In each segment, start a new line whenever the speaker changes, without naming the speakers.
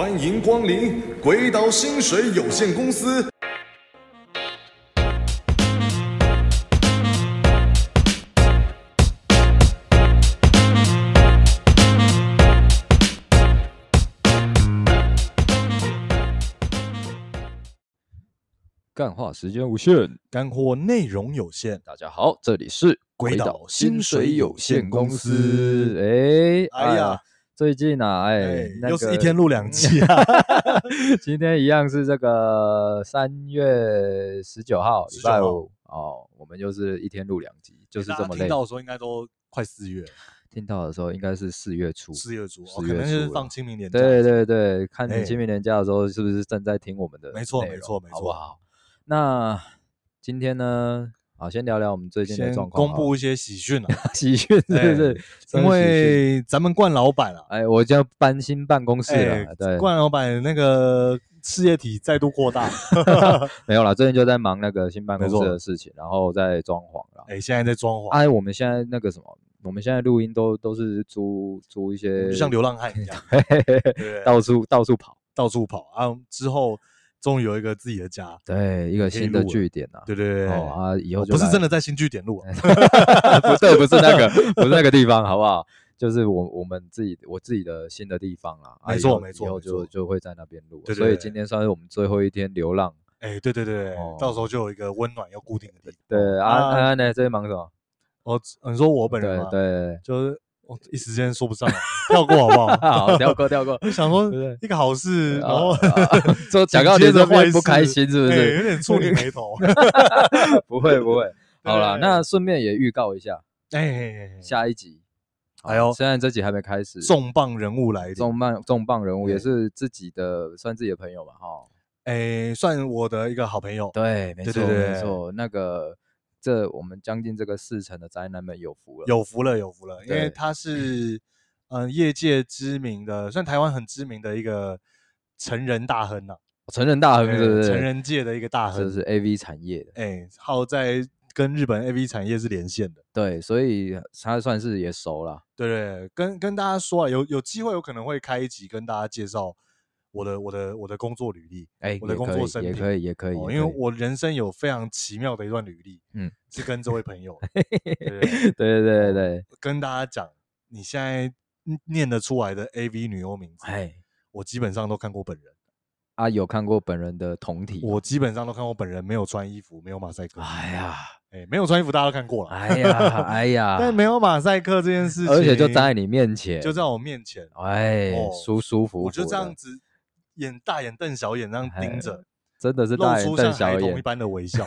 歡迎光臨鬼島薪水有限公司。
幹話時間無限，乾貨內容有限。大家好，這裡是鬼島薪水有限公司。哎，哎呀。最近啊，哎、欸欸那個，又是一天錄兩集啊！ 今天一樣是這個三月十九號，禮拜五哦，我們又是一天錄兩集，欸，就是這麼累。聽到的時候應該都快四月，聽到的時候應該是四月初，四月初，月初哦，可能是放清明連假。對對對，欸，看清明連假的時候，是不是正在聽我們的？沒錯沒錯沒錯，好不好？那今天呢？好，先聊聊我們最近的狀況。先公布一些喜訊啊， 喜訊是不是、欸是？因為咱們冠老板了、啊，哎、欸，我就要搬新辦公室了。欸、對，
冠老板那個事業體再度擴大，
沒有了，最近就在忙那個新辦公室的事情，然後在裝潢哎、欸，現在在裝潢。哎、啊，我們現在那個什麼，我們現在錄音都都是租租一些，像流浪漢一樣， 對，對，到處到處跑，到處跑啊。之後。終於有一個自己的家，對，一個新的據點吶、啊，了對，對對對，哦啊，以後就不是真的在新據點錄了， 不是不是那個 不是那個地方，好不好？就是我我們自己我自己的新的地方啊，沒、啊、錯沒錯，以後就就，就會在那邊錄對對對對對，所以今天算是我們最後一天流浪，哎，
對對對，對、哦，到時候就有一個溫暖又固定的地方對，安安呢？最近忙什麼？哦，你說我本人對，對，對，對，就是。一時間說不上來，跳過好不好？ 好，跳過，
跳過。 想說一個好事，做、啊啊、 講到覺得壞不開心，是不是？有點觸你霉頭。 不會，不會。好了，那順便也預告一下，哎哎哎哎下一集。哎呦，現在這集還沒開始，重磅人物來，重磅重磅人物也是自己的，算自己的朋友吧，哈、哦。哎，算我的一個好朋友。對，沒錯，對對對沒錯，那個。這我們將近這個四成的宅男們有福了，有福了，有福了，因為他是
嗯、呃、業界知名的，算台灣很知名的一個成人大亨了，啊哦，成人大亨，對對，對不對?成人界的一個大亨，這是
A V 產業的，哎，好在跟日本 A V 產業是連線的，對，所以他算是也熟了，
對對，跟跟大家說啊，有有機會有可能會開一集跟大家介紹。我的我的我的工作履歷，哎、欸，我的工作生命也可以也可以，哦、也可以，因為我人生有非常奇妙的一段履歷，嗯，是跟這位朋友
對對，對對對對，
跟大家講，你現在念得出來的 AV 女優名字，哎，我基本上都看過本人，
啊，有看過本人的同體，我基
本上都看過本人沒有穿衣服，沒有馬賽克，哎呀，哎，沒有穿衣服大家都看過了，哎呀 哎呀，但沒有馬賽克這件事情，而且就在你面前，就在我面前，哎，哦、舒舒服服，服，我就這樣子。眼大眼瞪小眼，那樣盯着、Hey。真的是露出像孩童一般的微笑，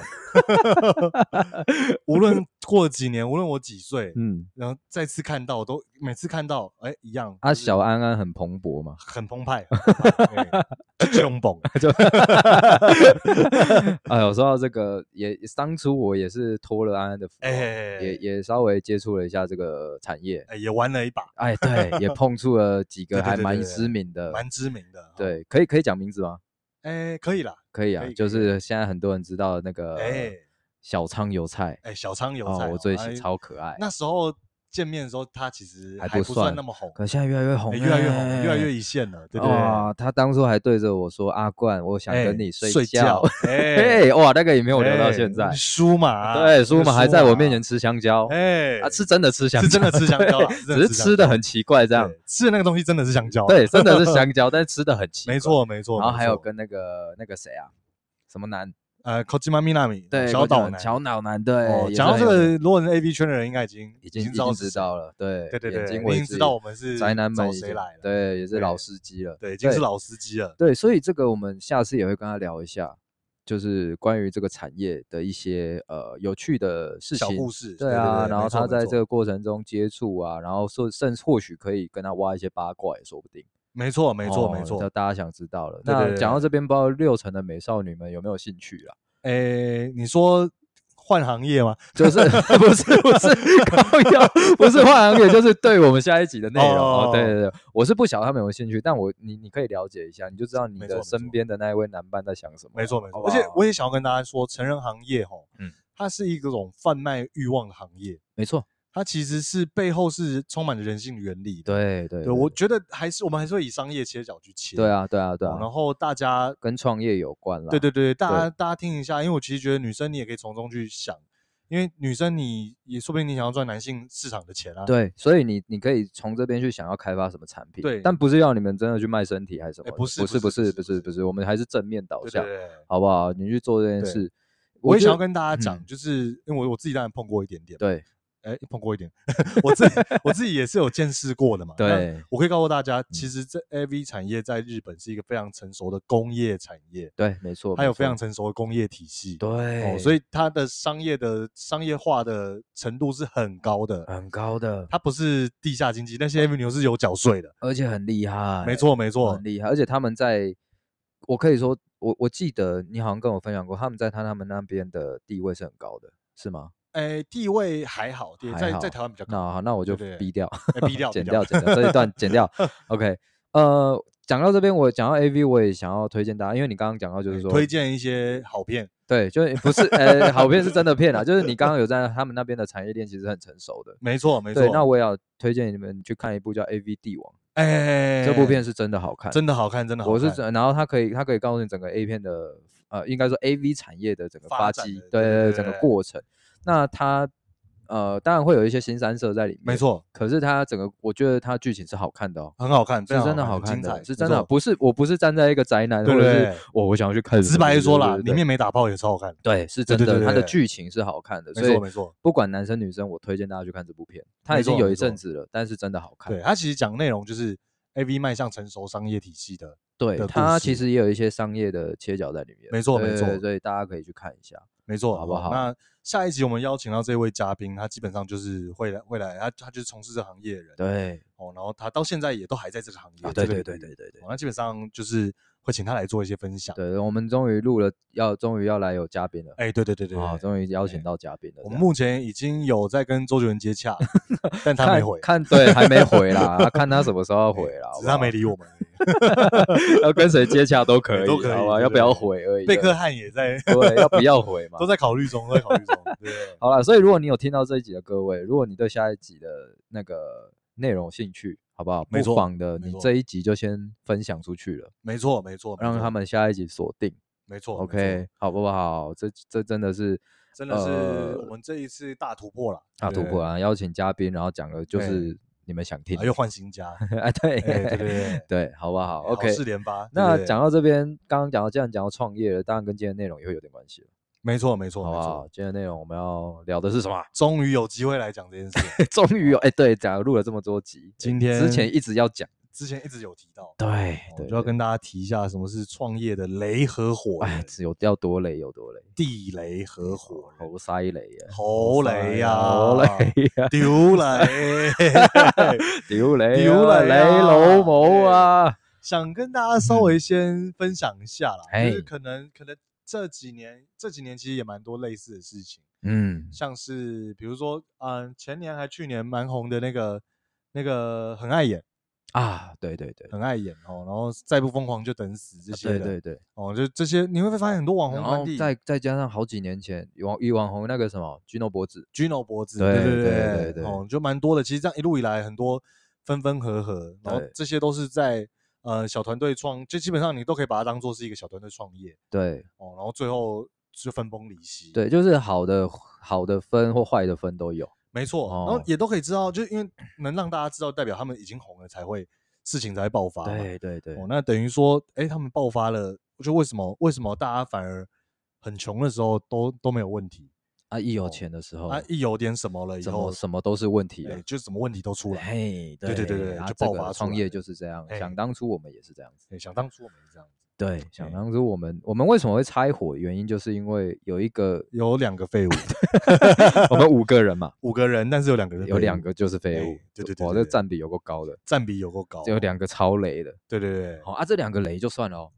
無論
過了幾年，無論我幾歲，嗯，然後再次看到，我都每次看到，哎、欸，一樣。
啊，小安安很蓬勃嘛，很澎湃，兇猛。就 哎，我說到這個，也當初我也是托了安安的福，啊、欸、欸，也也稍微接觸了一下這個產業，哎、欸，也玩了一把， 哎，對，也碰觸了幾個還蠻知名的，蠻知、知名的，對，哦、可以可以講名字嗎？
哎、欸，可以啦，可以啊可以可以，就
是現在很多人知道那個哎小倉油菜，哎小蒼油菜，我最近超可愛，欸、那
時候。見面的時候，他其實還不算那麼紅，可現在越來越紅，欸欸，越來越紅，越來越一線了。對哇，哦，
他當初還對着我說：“阿、啊、冠，我想跟你睡覺，欸、睡覺。欸”嘿， 哇，那個也沒有聊到現在。
舒、欸、瑪、啊，對，舒瑪還在我面
前吃香蕉。嘿，欸，啊，是真的吃香蕉，是真的吃香蕉了，啊，只是吃的很奇怪，這樣。吃的那個東西真的是香蕉，啊。 對，真的是香蕉，但是吃的很奇怪。沒錯沒錯。然後還有跟那個那個誰啊，什麼男？
呃、uh，Kojima Minami 對小島南。小島南。對、哦，講到這個，如果是 A B 圈的人，應該已經已經已經，已經知道了，對，對對對，我已經知道我們是宅男們找誰來了
對，對，也是老司機了，對，對已經是老司機了對，對，所以這個我們下次也會跟他聊一下，就是關於這個產業的一些呃有趣的事情、小故事，對啊，對對對，然後他在這個過程中接觸啊，然後說甚至或許可以跟他挖一些八卦，也說不定，沒錯沒錯沒錯，叫、哦、大家想知道了。對對對對，那講到這邊，不知道六成的美少女們有沒有興趣啦、啊。
誒、欸，你說換行業嗎？就是不是不是高要 不是換行業，就是對我們下一集的內容哦哦哦哦哦。對對
對，我是不曉得他們有沒有興趣，但我你你可以了解一下，你就知道你的身邊的那一位男伴在想什麼。沒錯沒錯好好，而且我
也想要跟大家說，成人行業哈、哦，嗯，它是一個種販賣慾望的行業。沒錯。它其實是背後是充滿着人性原理。
對對，對，我
覺得還是我們還是會以商業切角去
切。對啊，對啊，對啊。然後大家跟創業有關了。對，對對對，大家
大家聽一下，因為我其實覺得女生你也可以從中去想，因為女生你也說不定你想要賺男性市場的錢啊。對，
所以你你可以從這邊去想要開發什麼產品。對，但不是要你們真的去賣身體還是什麼、欸？不是不是不是不是不是，我們還是正面導向對對對對對對對，好不好？你去做這件事。我，我也想要跟大家講，
嗯、就是因為我，我自己當然碰過一點點。對。哎、欸，碰過一點， 我自己我自己也是有見識過的嘛。 對，我可以告訴大家，其實這 A V 產業在日本是一個非常成熟的工業產業。對，沒錯，它有非常成熟的工業體系。對，哦、所以它的商業的商業化的程度是很
高的，很高的。
它不是地下經濟，那些 A V 公司是有繳稅的，
而且很厲害、欸。沒錯，沒錯，很厲害。而且他們在，我可以說，我我記得你好像跟我分享過，他們在他他們那邊的地位是很高的，是嗎？
哎、欸，地位還好，還好，在、在台灣比較高。那好，那我就 B 掉，B 掉，減、欸、掉，剪掉這一段，減 掉，
掉，掉。OK，呃，講到這邊，我講到 AV，我也想要推薦大家，因為你剛剛講到就是說，嗯、推
薦一些好片。對，就是不是、欸、好片是真
的片啊， 就是你剛剛有在他們那邊的產業鏈其實是很成熟的。沒錯，沒錯。那我也要推薦你們去看一部叫《AV 帝王》欸，哎，這部片是真的好看，真的好看，真的好看。我是整，然後他可以，他可以告訴你整個 A 片的，呃，應該說 AV 產業的整個發，發展，對，對，對，對，對，對，整個過程。那它，呃，當然會有一些新三色在裡面，沒錯。可是它整個，我覺得它劇情是好看的哦，很好看，是真的好看，精彩，是真的，不是我不是站在一個宅男，對不是。我我想要去看，直白說啦對對，裡面沒打炮也超好看的對對對對對，對，是真的，它的劇情是好看的，所以對對對對對，沒錯沒錯。不管男生女生，我推薦大家去看這部片。它已經有一陣子了，但是真的好
看。對，它其實講內
容就是 AV 邁向
成熟商業體系的。對，他其實
也有一些商業的切角在裡面。沒錯對對對對，沒錯，所以
大家可以去看一下。
沒錯，好不好？哦、那
下一集我們邀請到這位嘉賓，他基本上就是會來，會來，他他就是從事這行業的人。對哦，然後他到現在也都還在這個行業。啊這個、對對對對
對對。哦、那基本上就是。會請他來做一些分享。對，我們終於錄了，要終於要來有嘉賓了。哎、欸，對對對對，對，終、啊、於邀請到嘉賓了、欸。我們目前已經有在跟周杰倫接洽， 但他還沒回。 看，對，還沒回啦， 看他什麼時候要回啦。欸、他沒理我們。 要跟誰接洽都可以，欸、都可以，對對對，要不要回而已。貝克漢也在，對，要不要回嘛？都在考慮中，都在考慮中。對 好了，所以如果你有聽到這一集的各位，如果你對下一集的那個內容有興趣。好不好？沒錯。不妨的，你這一集就先分享出去了。沒錯，沒錯，讓他們下一集鎖定。沒錯，OK，好不好？這這真的是，真的是、呃、我
們這一次大突破了，對對對大突破啊！
邀請嘉賓，然後講的，就是你們想聽。又換、啊、新家，哎、 啊，對對對對，好不好？OK，四連發。Okay. 對對對那講到這邊，剛剛講到，既然講到創業了，當然跟今天內容也會有點關係了。沒錯，沒錯、啊，沒錯。今天內容我們要聊的是什麼、啊嗯？終於有機會來講這件事。 終於有、哦，誒、欸、對，講錄了這麼多集，今天之前一直要講，之前一直有提到，對，哦、對對對，就要跟大家提一下，什麼是創業的雷合夥。哎，只有要多雷有多雷，地雷合夥，猴塞雷呀，好雷啊！好雷啊！丟雷！丟雷！丟雷！丟雷老母啊！
想跟大家稍微先分享一下啦，就是可能，可能、啊。 這幾年，這幾年其實也蠻多類似的事情，嗯，像是比如說，嗯、呃，前年還去年蠻紅的那個，那個
很愛演。啊，對對對，很愛演。哦，然後再不瘋狂就等死這些、啊，對對對，哦，就這些，你會發現很多網紅，然後再再加上好幾年前網與網紅那個什麼，Gino 脖子，Gino 脖子，對對對對對，對對對
對，哦，就蠻多的，其實這樣一路以來很多分分合合，然後這些都是在。呃，小團隊創就基本上你都可以把它當做是一個小團隊創業，對哦，然後最後就分崩離析，
對，就是好的好的分或壞的分都有，沒錯，哦，然後
也都可以知道，就因為能讓大家知道，代表他們已經紅了，才會
事情才會爆發，對
對對，哦，那等於說，哎，欸，他們爆發了，就為什麼為什麼大家反而很窮的時候都都沒有問題？啊！一有錢的時候，哦、啊！
一有點什麼了以後，怎麼什麼都是問題了、欸，就什麼問題都出來。嘿，對對對對,對,對，就爆發。創業就是這樣、欸，想當初我們也是這樣子。欸、想當初我們也是這樣子、欸。對，想當初我們，欸、我們為什麼會拆夥？原因就是因為有一個，有兩個廢物。 我們五個人嘛，五個人，但是有兩個人，有兩個就是廢物、欸。對對對,對，哇，這占比有夠高的，占比有夠高，只有兩個超雷的。對對對,對，好啊，這兩個雷就算了，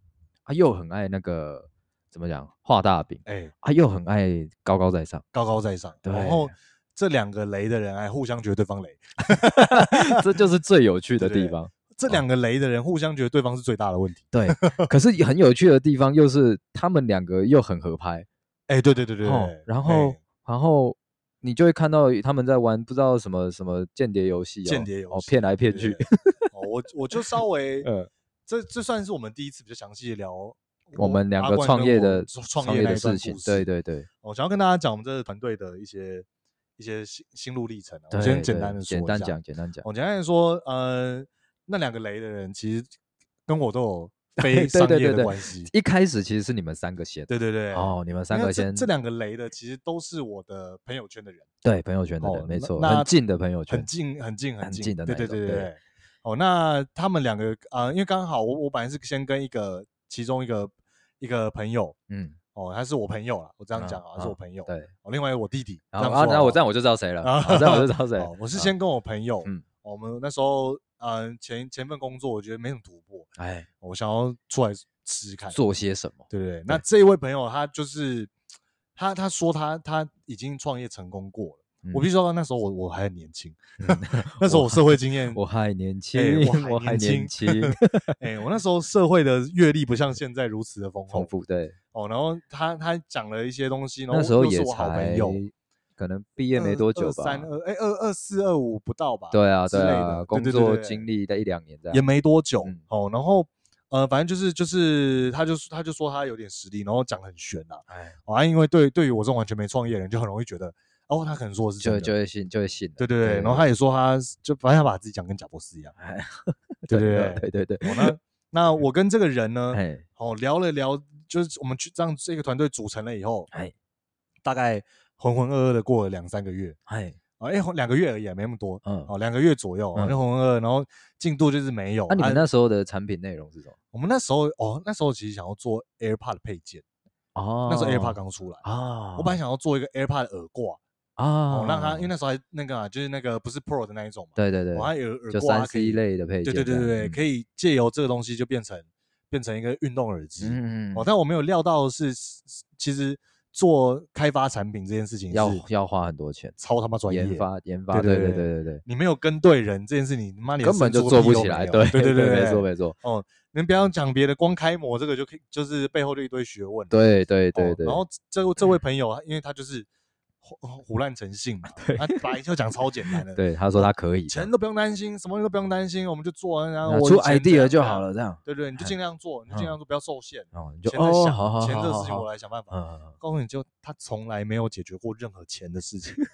他、啊、又很愛那個。怎麼講，畫大餅，哎、欸，他、啊、又很愛高高在上，
高高在上。對，然後這兩個雷的人還互相覺得對方
雷， 這就是最有趣的地方。對
對對，這兩個雷的人互相覺得對方是最大的問題。
哦、對，可是很有趣的地方又是他們兩個又很合拍。哎、欸，對對對對，對、哦。然後、欸，然後你就會看到他們在玩不知道什麼什麼間諜遊戲，間諜遊戲，哦，騙來騙去。
哦，我我就稍微，嗯， 這這算是我們第一次比較詳細的聊。
我，我們兩個創業的創業的事情，對對對，
我想要跟大家講我們這個團隊的一些一些心心路歷程對對對。我先簡單的說對對對。簡單講，簡單講。我簡單說，呃，那兩個雷的人其實跟我都有非商業的關係。
一開始其實是你們三個先，對對對，哦，你們三個先。這
兩個雷的其實都是我的朋友圈的人，對朋友圈的人，哦、那沒錯，很近的朋友圈，很近很近，很近，很、近很近的。對對對對。哦，那他們兩個啊、呃，因為剛好我我本來是先跟一個。其中一個一個朋友，嗯，哦，他是我朋友了，我這樣講啊、嗯，他是我朋友，嗯、對，哦，另外一個我弟弟，好好啊、然後，我這樣我就知道誰了、啊，這樣我就知道誰了、 哦，我是先跟我朋友，嗯，我們那時候，嗯、呃，前前份工作我覺得沒什麼突破，哎，哦、我想要出來試試看做些什麼，對不對，對？那這一位朋友他就是他，他說他他已經創業成功過了。嗯、我必須說到那時候我我還很年輕，嗯、 那時候我社會經驗，我還年輕，我還年輕、欸 欸，我那時候社會的閱歷不像現在如此的豐富，豐富對，哦，然後他他講了一些東西，然後那時候也才還有
可能畢業沒多久吧，二三
二哎二二四二五不到吧？對啊對啊，工作經
歷在一兩年的、啊、對對對對對也沒多久，對對對對對對多久
嗯、哦，然後呃反正就是就是他就他就說他有點實力，然後講得很玄吶、啊，哎、哦，啊因為對對於我這種完全沒創業的人就很容易覺得。然、哦、後他可能說是就就會信就會信，會信對對對，對。然後他也說他就反正他把他自己講跟賈伯斯一樣、哎哈哈，對對對對對對，對對。我、哦、呢，那我跟這個人呢， 哦聊了聊，就是我們去讓這，這個團隊組成了以後、哎，大概渾渾噩噩的過了兩三個月，哎，哦，兩個月而已、啊，沒那麼多，嗯，哦，兩個月左右、嗯、然後就渾渾噩，噩，然後進度就是沒有。那、啊、你們那時候的產品內容是什麼？啊、我們那時候哦，那時候其實想要做 AirPod 配件，哦，那時候 AirPod 剛，剛出來啊、哦，我本來想要做一個 AirPod 耳掛。啊，那、哦、他因為那時候還那個啊，就是那個不是 Pro 的那一種嘛。對對對，我、哦、還有耳耳掛可以 3C 類的配件。對對對對可以借由這個東西就變成變成一個運動耳機。嗯嗯哦，但我沒有料到是其實做開發產品這件事情要要花很多錢，超他媽專業。研發研發，對對對，對對對對，你沒有跟對人、嗯、這件事你媽你根本就做不起來。對，對對對對，沒錯、嗯、沒錯。哦、嗯，你們不要講別的，光開模這個就可以，就是背後就一堆學問。對對對、嗯、對，對，對、嗯。然後這位這位朋友啊、嗯，因為他就是。胡亂成性嘛，他、 啊、把一就講超簡單的。
對，他說他可以，錢
都不用擔心，什麼都不用擔心，我們就做、啊，然後我、啊、出 idea 就好了，這樣，對不對，對？你就盡量做，你就盡量做、嗯，不要受限。哦，錢在想，錢、哦、的事情我來想辦法。哦、好好好告訴你就、嗯，他從來沒有解決過任何錢的事情。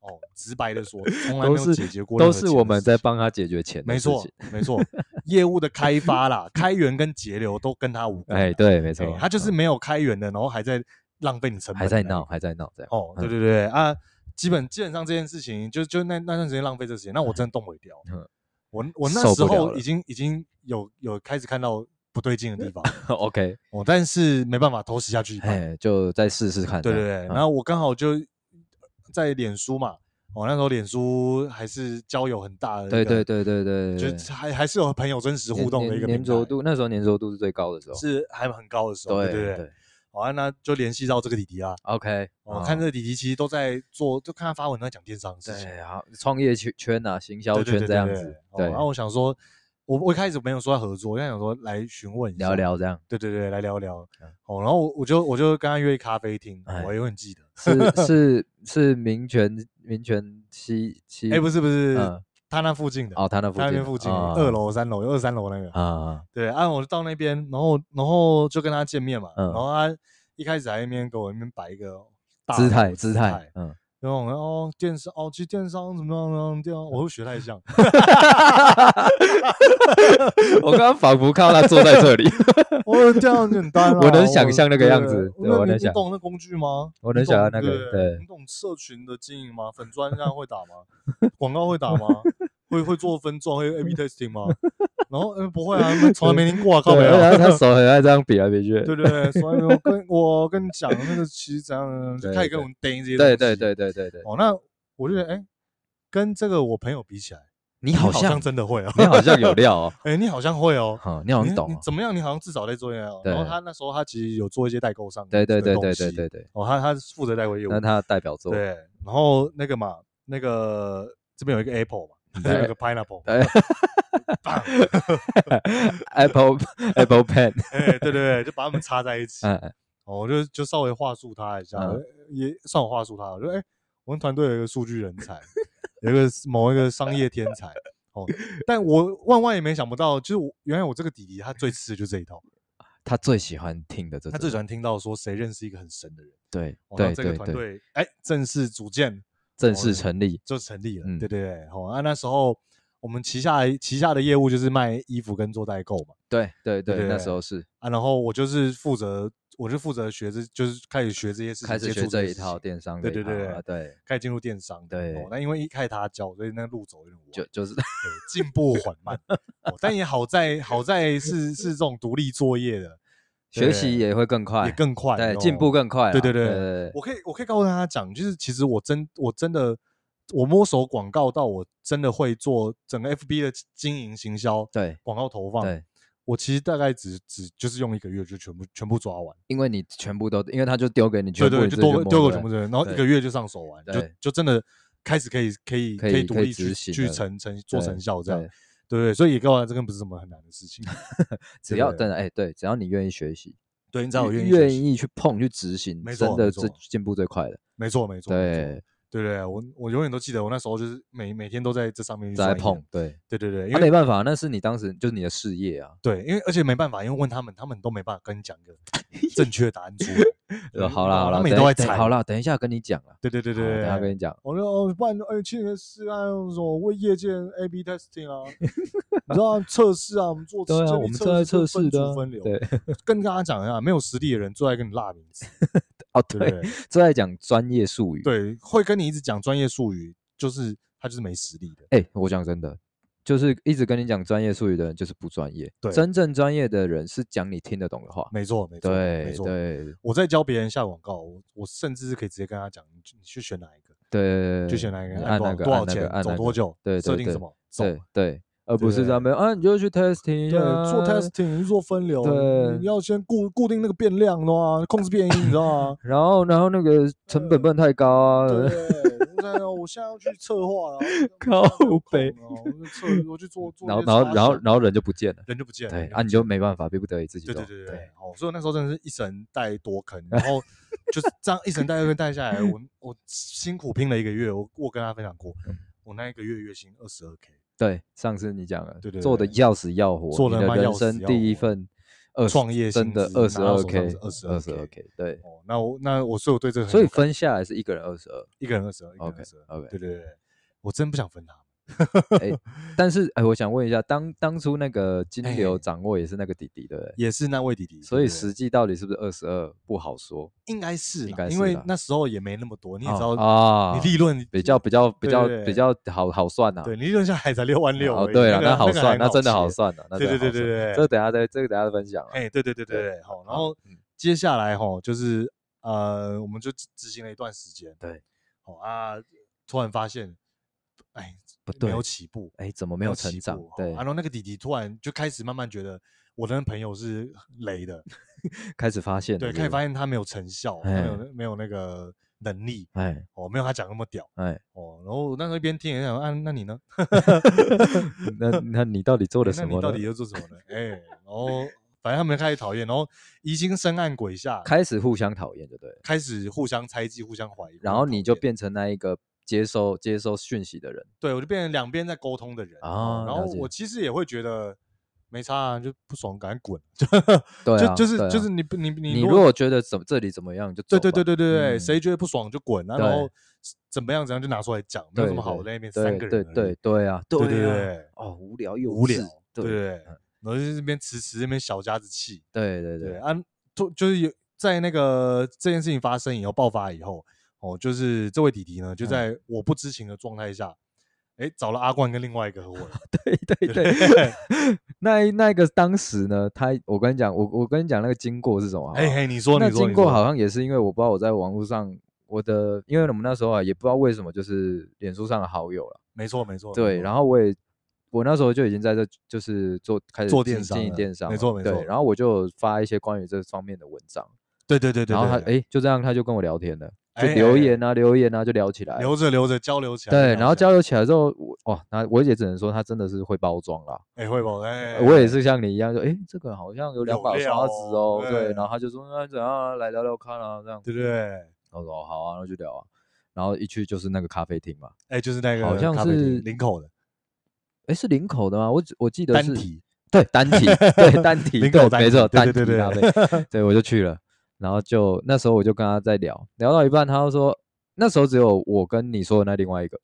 哦，直白的說，從來沒有解決過任何事都，都是我們
在幫他解決錢。沒錯， 沒錯。
業務的開發啦， 開源跟節流都跟他無關、欸。對，沒錯、欸嗯。他就是沒有開源的，然後還在。浪費你成本還在鬧，還在鬧，在哦，對對對啊，基、嗯、本基本上這件事情，就就那那段時間浪費這時間，那我真的動毀掉動不掉了、嗯嗯。我我那時候已經了了已經有有開始看到不對勁的地
方。呵呵 OK，我、
哦、但是沒辦法投食下去，
就再試試看。對對對，嗯、然
後我剛好就在臉書嘛，我、哦、那時候臉書還是交友很大的、那個，對對，對對對對對，就還還是有朋友真實互動的一個粘稠
度，那時候粘稠度是最高的時候，是
還很高的時候，對對對。對對對好啊，那就聯繫到這個弟弟啦、啊。OK，我、嗯嗯、看這個弟弟其實都在做，就看他發文都在講電商事情。對、啊，好，創業圈啊，行銷圈這樣子。對，對,對,對,對，然後、哦啊、我想說，我我一開始沒有說要合作，我想，想說來詢問一下，聊一聊這樣。對對對，來聊一聊、嗯。好，然後我我就我就跟他約咖啡廳、嗯，我還永遠記得。
是是是，民權民 權七七。哎、欸，不是不是、嗯。他那附近的哦，他那附近的，他那邊附近的，二樓、哦、三樓有二三樓那個啊、哦，
對，然後、啊、我就到那邊，然後然後就跟他見面嘛，嗯、然後他一開始在那邊給我那邊擺一個姿態，姿態，嗯。哦、嗯、哦，電商哦，其實電商怎麼樣呢？電、嗯、商、嗯、我會學太像， 我剛剛仿佛看到他坐在這裡。
哦，這樣簡單啊！我能想象那個樣子對對對。對，我能想。你你懂那工具嗎？我能想象那個對對。對。你
懂社群的經營嗎？ 粉專這樣會打嗎？ 廣告會打嗎？ 會會做分裝會 A B testing 嗎？然後嗯、欸，不會啊，從來沒聽過啊，靠沒、啊、他手很愛這樣比來、啊、比去。對對對，所以我跟我跟你講那個其實怎樣對對對，就開始跟我們 dance。對對，對對對對對對。哦，那我就覺得哎、欸，跟這個我朋友比起來，你好像，好像真的會啊，你好像有料哦。哎、欸，你好像會哦，嗯、你好像懂、啊。怎麼樣？你好像至少在做業務。然後他那時候他其實有做一些代購上。對對對對對對。哦，他他是負責代購業務，那他代表做。對，然後那個嘛，那個這邊有一個 Apple 嘛。你那個 pineapple，哈哈哈哈哈，apple apple pen，哎、欸，對對對，就把他們插在一起。嗯、哦，我就就稍微話術他一下、嗯，也算我話術他、欸。我覺得，我們團隊有一個數據人才， 有一個某一個商業天才。 哦，但我萬萬也沒想不到，就是我原來我這
個弟弟他最吃的就是這一套。他最喜歡聽的這，他最喜
歡聽到說誰認識一個很神的人。對，對對對。然後這個團隊，哎、欸，正式組建。正式成立、哦、就成立了，嗯、對對對，好、哦、啊！那時候我們旗下旗下的業務就是賣衣服跟做代購嘛，對對對,對,對,對,對,對對，那時候是啊。然後我就是負責，我就負責學這，就是開始學這些
事情，開始學這一套電商套，對對對、啊、對，
開始進入電商。對，那因為一開始他教，所以那路走的就就是對進步緩慢， 哦、但也好在好在是是這種獨立作業的。
學習也會更快，也更快，對，進步更快。對，對對對，我
可以，我可以告訴大家講，就是其實我真，我真的，我摸手廣告到我真的會做整個 FB 的經營行銷，對，廣告投放，對，
我其實大概只只就是用一個月就全部全部抓完，因為你全部都，因為他就丟給你，全部你，對，對對，就丢丟個全部的，然後一個月就上手完，就
就真的開始可以可以可以獨立去去成成做成效這樣。對，對，所以也搞完，這根本不是什麼
很難的事情， 只要等，哎，對，只要你願意學習，對，你只要願意學習，願意去碰去執行，沒錯啊、真的沒錯、啊、這進步最快的，沒錯、啊，沒錯、啊，對，啊、對，對對，我我
永遠都記得，我那時候就是每每天都在這上面一直在碰，對，對對對，因為沒
辦法，那是你當時就是你的事業啊，對，
因為而且沒辦法，因為問他們，他們都沒辦法
跟你講一個正確的答案出來。 好了好了，好啦。等一下跟你講啦，對對對對，對，等一下跟你講，
我說我不然哎、欸，去年是按那種為業界 A B testing 啊， 你知道測試啊，我們做、啊、測試，我們正在測試的分、啊、流，對，跟大家講一下，沒有實力的人坐在跟你拉名字，
哦 對，對，對，坐在講專業術語，對，會跟你一直講專業術語，就是他就是沒實力的，哎、欸，我講真的。就是一直跟你講專業術語的人，就是不專業。對，真正專業的人是講你聽得懂的話。沒錯，沒錯，對，沒錯。我在教別人下廣
告，我我甚至是可以直接跟他講，你去選哪一個？
對，去選哪一個？按哪、那個那個？多少錢？按那個、走多久？對，對，對，設定什麼？對，對，對，對。對而不是，咱們啊，你就去 testing、啊、對，做 testing，
你做分流，對，你要先固固定那個變量，的話，控制變異，你知道嗎？
然後，然後那個成本不能太高啊。對,
對，我在，我現在要去策劃了。靠北，然後我就策，我去做做。然後，然後，然後，然後人就不見了，人就不見了。對，對啊，你就
沒辦法，逼不得已自己做。對對
對對。哦，所以那時候真的是一神帶多坑，然後
就是這樣，一神帶多坑帶 下來，我我辛苦拼了一個月，我
我跟他分享過，我那一個月月薪二十二 k。
對，上次你講了，做的要死要活，做了人生第一份二要要 22K，創業真的二十二 K，二十二 K。對，對，哦。那我那我所以我對這個很，所以分下來是一個人二十二，一個人二十二，一個人二十二，對對對，okay。我真不想分他。哎、 欸，但是哎、欸，我想問一下，當當初那個金流掌握也是那個弟弟、欸、對不對？也是那位弟弟，對對，所以實際到底是不是二十二不好說，應該是，應該是。因為
那時候也沒那麼多，你也知道啊、哦哦，你利潤比較比較比較比
較好好算吶、啊，對，你利潤現在才六萬六，哦，對了，那好算，那，個、那真的好算的、啊，那的 對，對，對對對對，這個等下再這個等下再分享，哎、欸，對對對對對，好、哦，然後、嗯、
接下來哈、哦，就是呃，我們就執行了一段時間，對，好、哦、啊，突然發現。
哎，不對，沒有起步。哎，怎麼沒有成長？步對、啊，
然後那個弟弟突然就開始慢慢覺得我的朋友是雷的，
開始發現對，對，開始發現
他沒有成效，哎、沒有沒有那個能力。哎，哦，沒有他講那麼屌。哎，哦，然後我那時一邊聽人講，啊，那你呢？ 那那你到底做了什麼呢、哎？那你到底又做什麼了？ 哎，然
後反正他們開始討厭，然後疑心生暗鬼下，開始互相討厭，對不對？開始互相
猜忌、互相懷
疑，然後你就變成那一個。接收接收訊息的人，
對，我就變成兩邊在溝通的人啊。然後我其實也會覺得沒差啊，就不爽敢，趕緊滾。對、啊，就就是、啊、就是你不你你如，你如果覺得怎麼這裡怎麼樣就，就對對對對對誰、嗯、覺得不爽就滾啊，然後怎麼樣怎樣就拿出來講，沒有什麼好在那邊三個人對對對啊，對對對哦，無聊又無聊，對，然後就這邊遲遲這邊小家子氣，對對對，啊，就就是有在那個這件事情發生以後爆發以後。哦，就是這位弟弟呢，就在我不知情的狀態下，哎、嗯，找了阿冠跟另外一個合夥人。 對對對，對，
對， 那那個當時呢，他我跟你講，我我跟你講那個經過是什麼？啊？哎嘿、嘿，你說你說，那個經過好像也是因為我不知道我在網絡上我的，因為我們那時候啊也不知道為什麼就是臉書上的好友了、啊。沒錯沒錯、沒錯。對，然後我也我那時候就已經在這就是做開始做電商經營電商，沒錯沒錯。對，然後我就發一些關於這方面的文章。對對對對。然後他哎，就這樣他就跟我聊天了。就留言啊，欸欸，留言啊，就聊起來，留
着留着交流起來。對來，
然後交流起來之後，哇哦，那我也只能說他真的是會包裝啦。哎、欸，會包裝。哎、欸欸欸欸，我也是像你一樣，就哎、欸，這個好像有兩把刷子哦、喔對。對，然後他就說，那怎樣來聊聊看啊，這樣對不對，對？我說好啊，那就聊啊。然後一去就是那個咖啡廳嘛，哎、欸，就是那個咖啡廳好像是林口的，哎、欸，是林口的嗎？我我記得是單體，對，單體，對，單體， 對，沒錯，單體咖啡，對，我就去了。然後就那時候，我就跟他在聊，聊到一半，他就說，那時候只有我跟你說的那另外一個，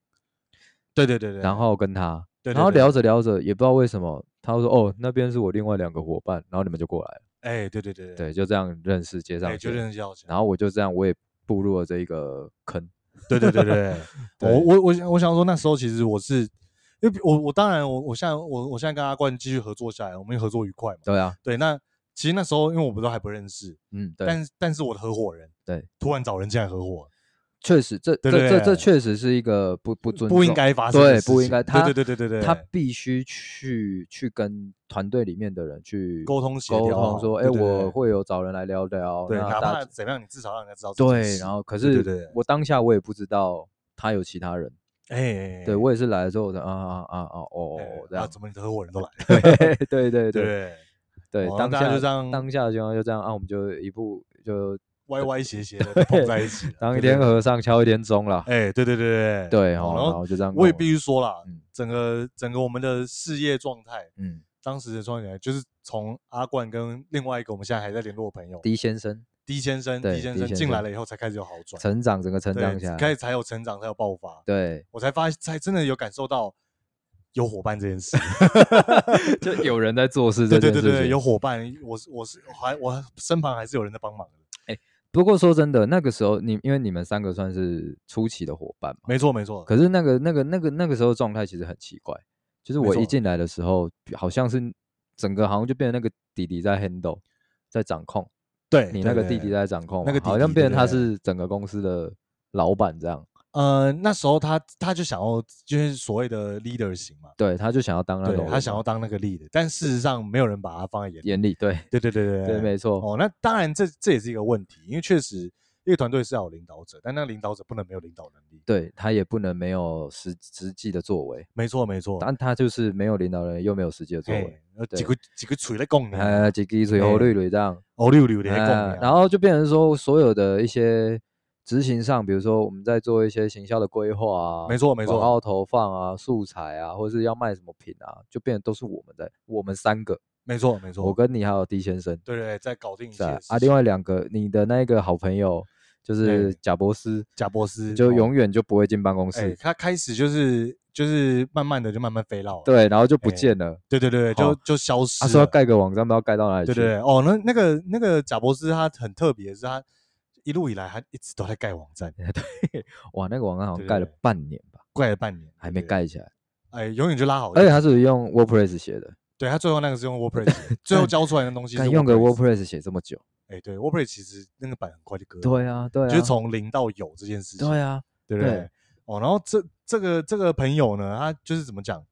對對對，對，然
後跟他對對對對，然後聊着聊着，也不知道為什麼，對對對對他就說哦，那邊是我另外兩個夥伴，然後你們就過來了哎、欸，對對對對，對，就這樣認識街街，接、欸、上。就認識街上街然後我就這樣，我也步入了這一個坑，對對對對，對， 對，對，對，對，對，對，我我我想我想說，那時候其實我是，
因為我我當然我我現在我我現在跟阿冠繼續合作下來，我們合作愉快嘛，對啊，對那。其實那時候，因為我們都還不認識，嗯，對，但是但是我的合夥人對
突然找人進來合夥，確實這對對對對這這這確實是一個不不尊重不應該發生的事情，對不應該，他對，對對對對對，他必須去去跟團隊裡面的人去溝通協調，溝通說哎、欸，我會有找人來聊聊，對，對然，哪怕
怎麼樣，你至少讓人家知道，對，然後可是對對對對
對我當下我也不知道他有其他人，哎，對我也是來的時候我的啊啊啊哦，哎、啊怎麼你的合夥人都來了，對， 對，對對對對。
對當，當下就這
樣，當下的情況就這樣啊，我們就一步就歪歪斜斜的碰在一起， 當一天和尚敲一天鐘了。哎，對對對對對，對好好，然後好就這樣。我也必須
說了、嗯，整個整個我們的事業狀態，嗯，當時的狀態就是從阿冠跟另外一個我們現在還在聯絡的朋友，狄、嗯、先生，狄先生，狄先生進來了以後才開始有好轉，成長，整個成長一下開始才有成長才有爆發。對，對我才發才真的有感受到。
有夥伴這件事 就有人在做事。 對對對對，有夥伴，
我是我是還我，我身旁還是有人在幫忙的。哎，
不過說真的，那個時候你因為你們三個算是初期的夥伴嘛，沒錯沒錯。可是那個那個那個那個時候狀態其實很奇怪，就是我一進來的時候，好像是整個好像就變成那個弟弟在 handle，在掌控。對，你那個弟弟在掌控，那個好像變成他是整個公司的老闆這樣。
呃，那時候他他就想要就是所謂的 leader 型嘛，對，他就想要當那個 leader，他想要當那個 leader，但事實上沒有人把他放
在眼裡，眼對，對對對對，對，沒錯。哦，
那當然這這也是一個問題，因為確實一、這個團隊是要有領導者，但那個領導者不能沒有領導能
力，對，他也不能沒有實實際的作為，沒錯沒錯。但他就是沒有領導人，又沒有實際的作為，欸啊、幾個幾個嘴在講，呃、啊，幾個嘴哦，綠綠這樣，哦綠綠的，然後就變成說所有的一些。執行上，比如說我們在做一些行銷的規劃啊，沒錯沒錯，然後投放啊、素材啊，或者是要賣什麼品啊，就變得都是我們的、欸，我們三個，沒錯沒錯，我跟你還有 D 先生，對對對，再搞定一些啊。另外兩個，你的那個好朋友就是賈伯斯，賈伯斯就永遠就不會進辦公室、
哦欸。他開始就是就是慢慢的就慢慢飛烙了，對，
然後就不見了，欸、對對對，就、哦、就消失。啊、說他說要蓋個網站都要蓋到哪裡去？對對對哦，那那
個那個賈伯斯，他很特別，是他。一路以來，他
一直都在蓋網站。 對，哇，那個網站好像蓋了半年吧？蓋了半年還沒蓋起來。
哎，永遠就拉好。而且他是
用 WordPress 寫的。嗯、
對，他最後那個是用 WordPress， 最後交出來的東西。是用個 WordPress 寫這麼久？哎、欸，對，WordPress 其實那個版很快就過。對啊，對啊。就是從零到有這件事情。對啊，對對，對。哦、喔，然後這這個這個朋友呢，他就是怎麼講？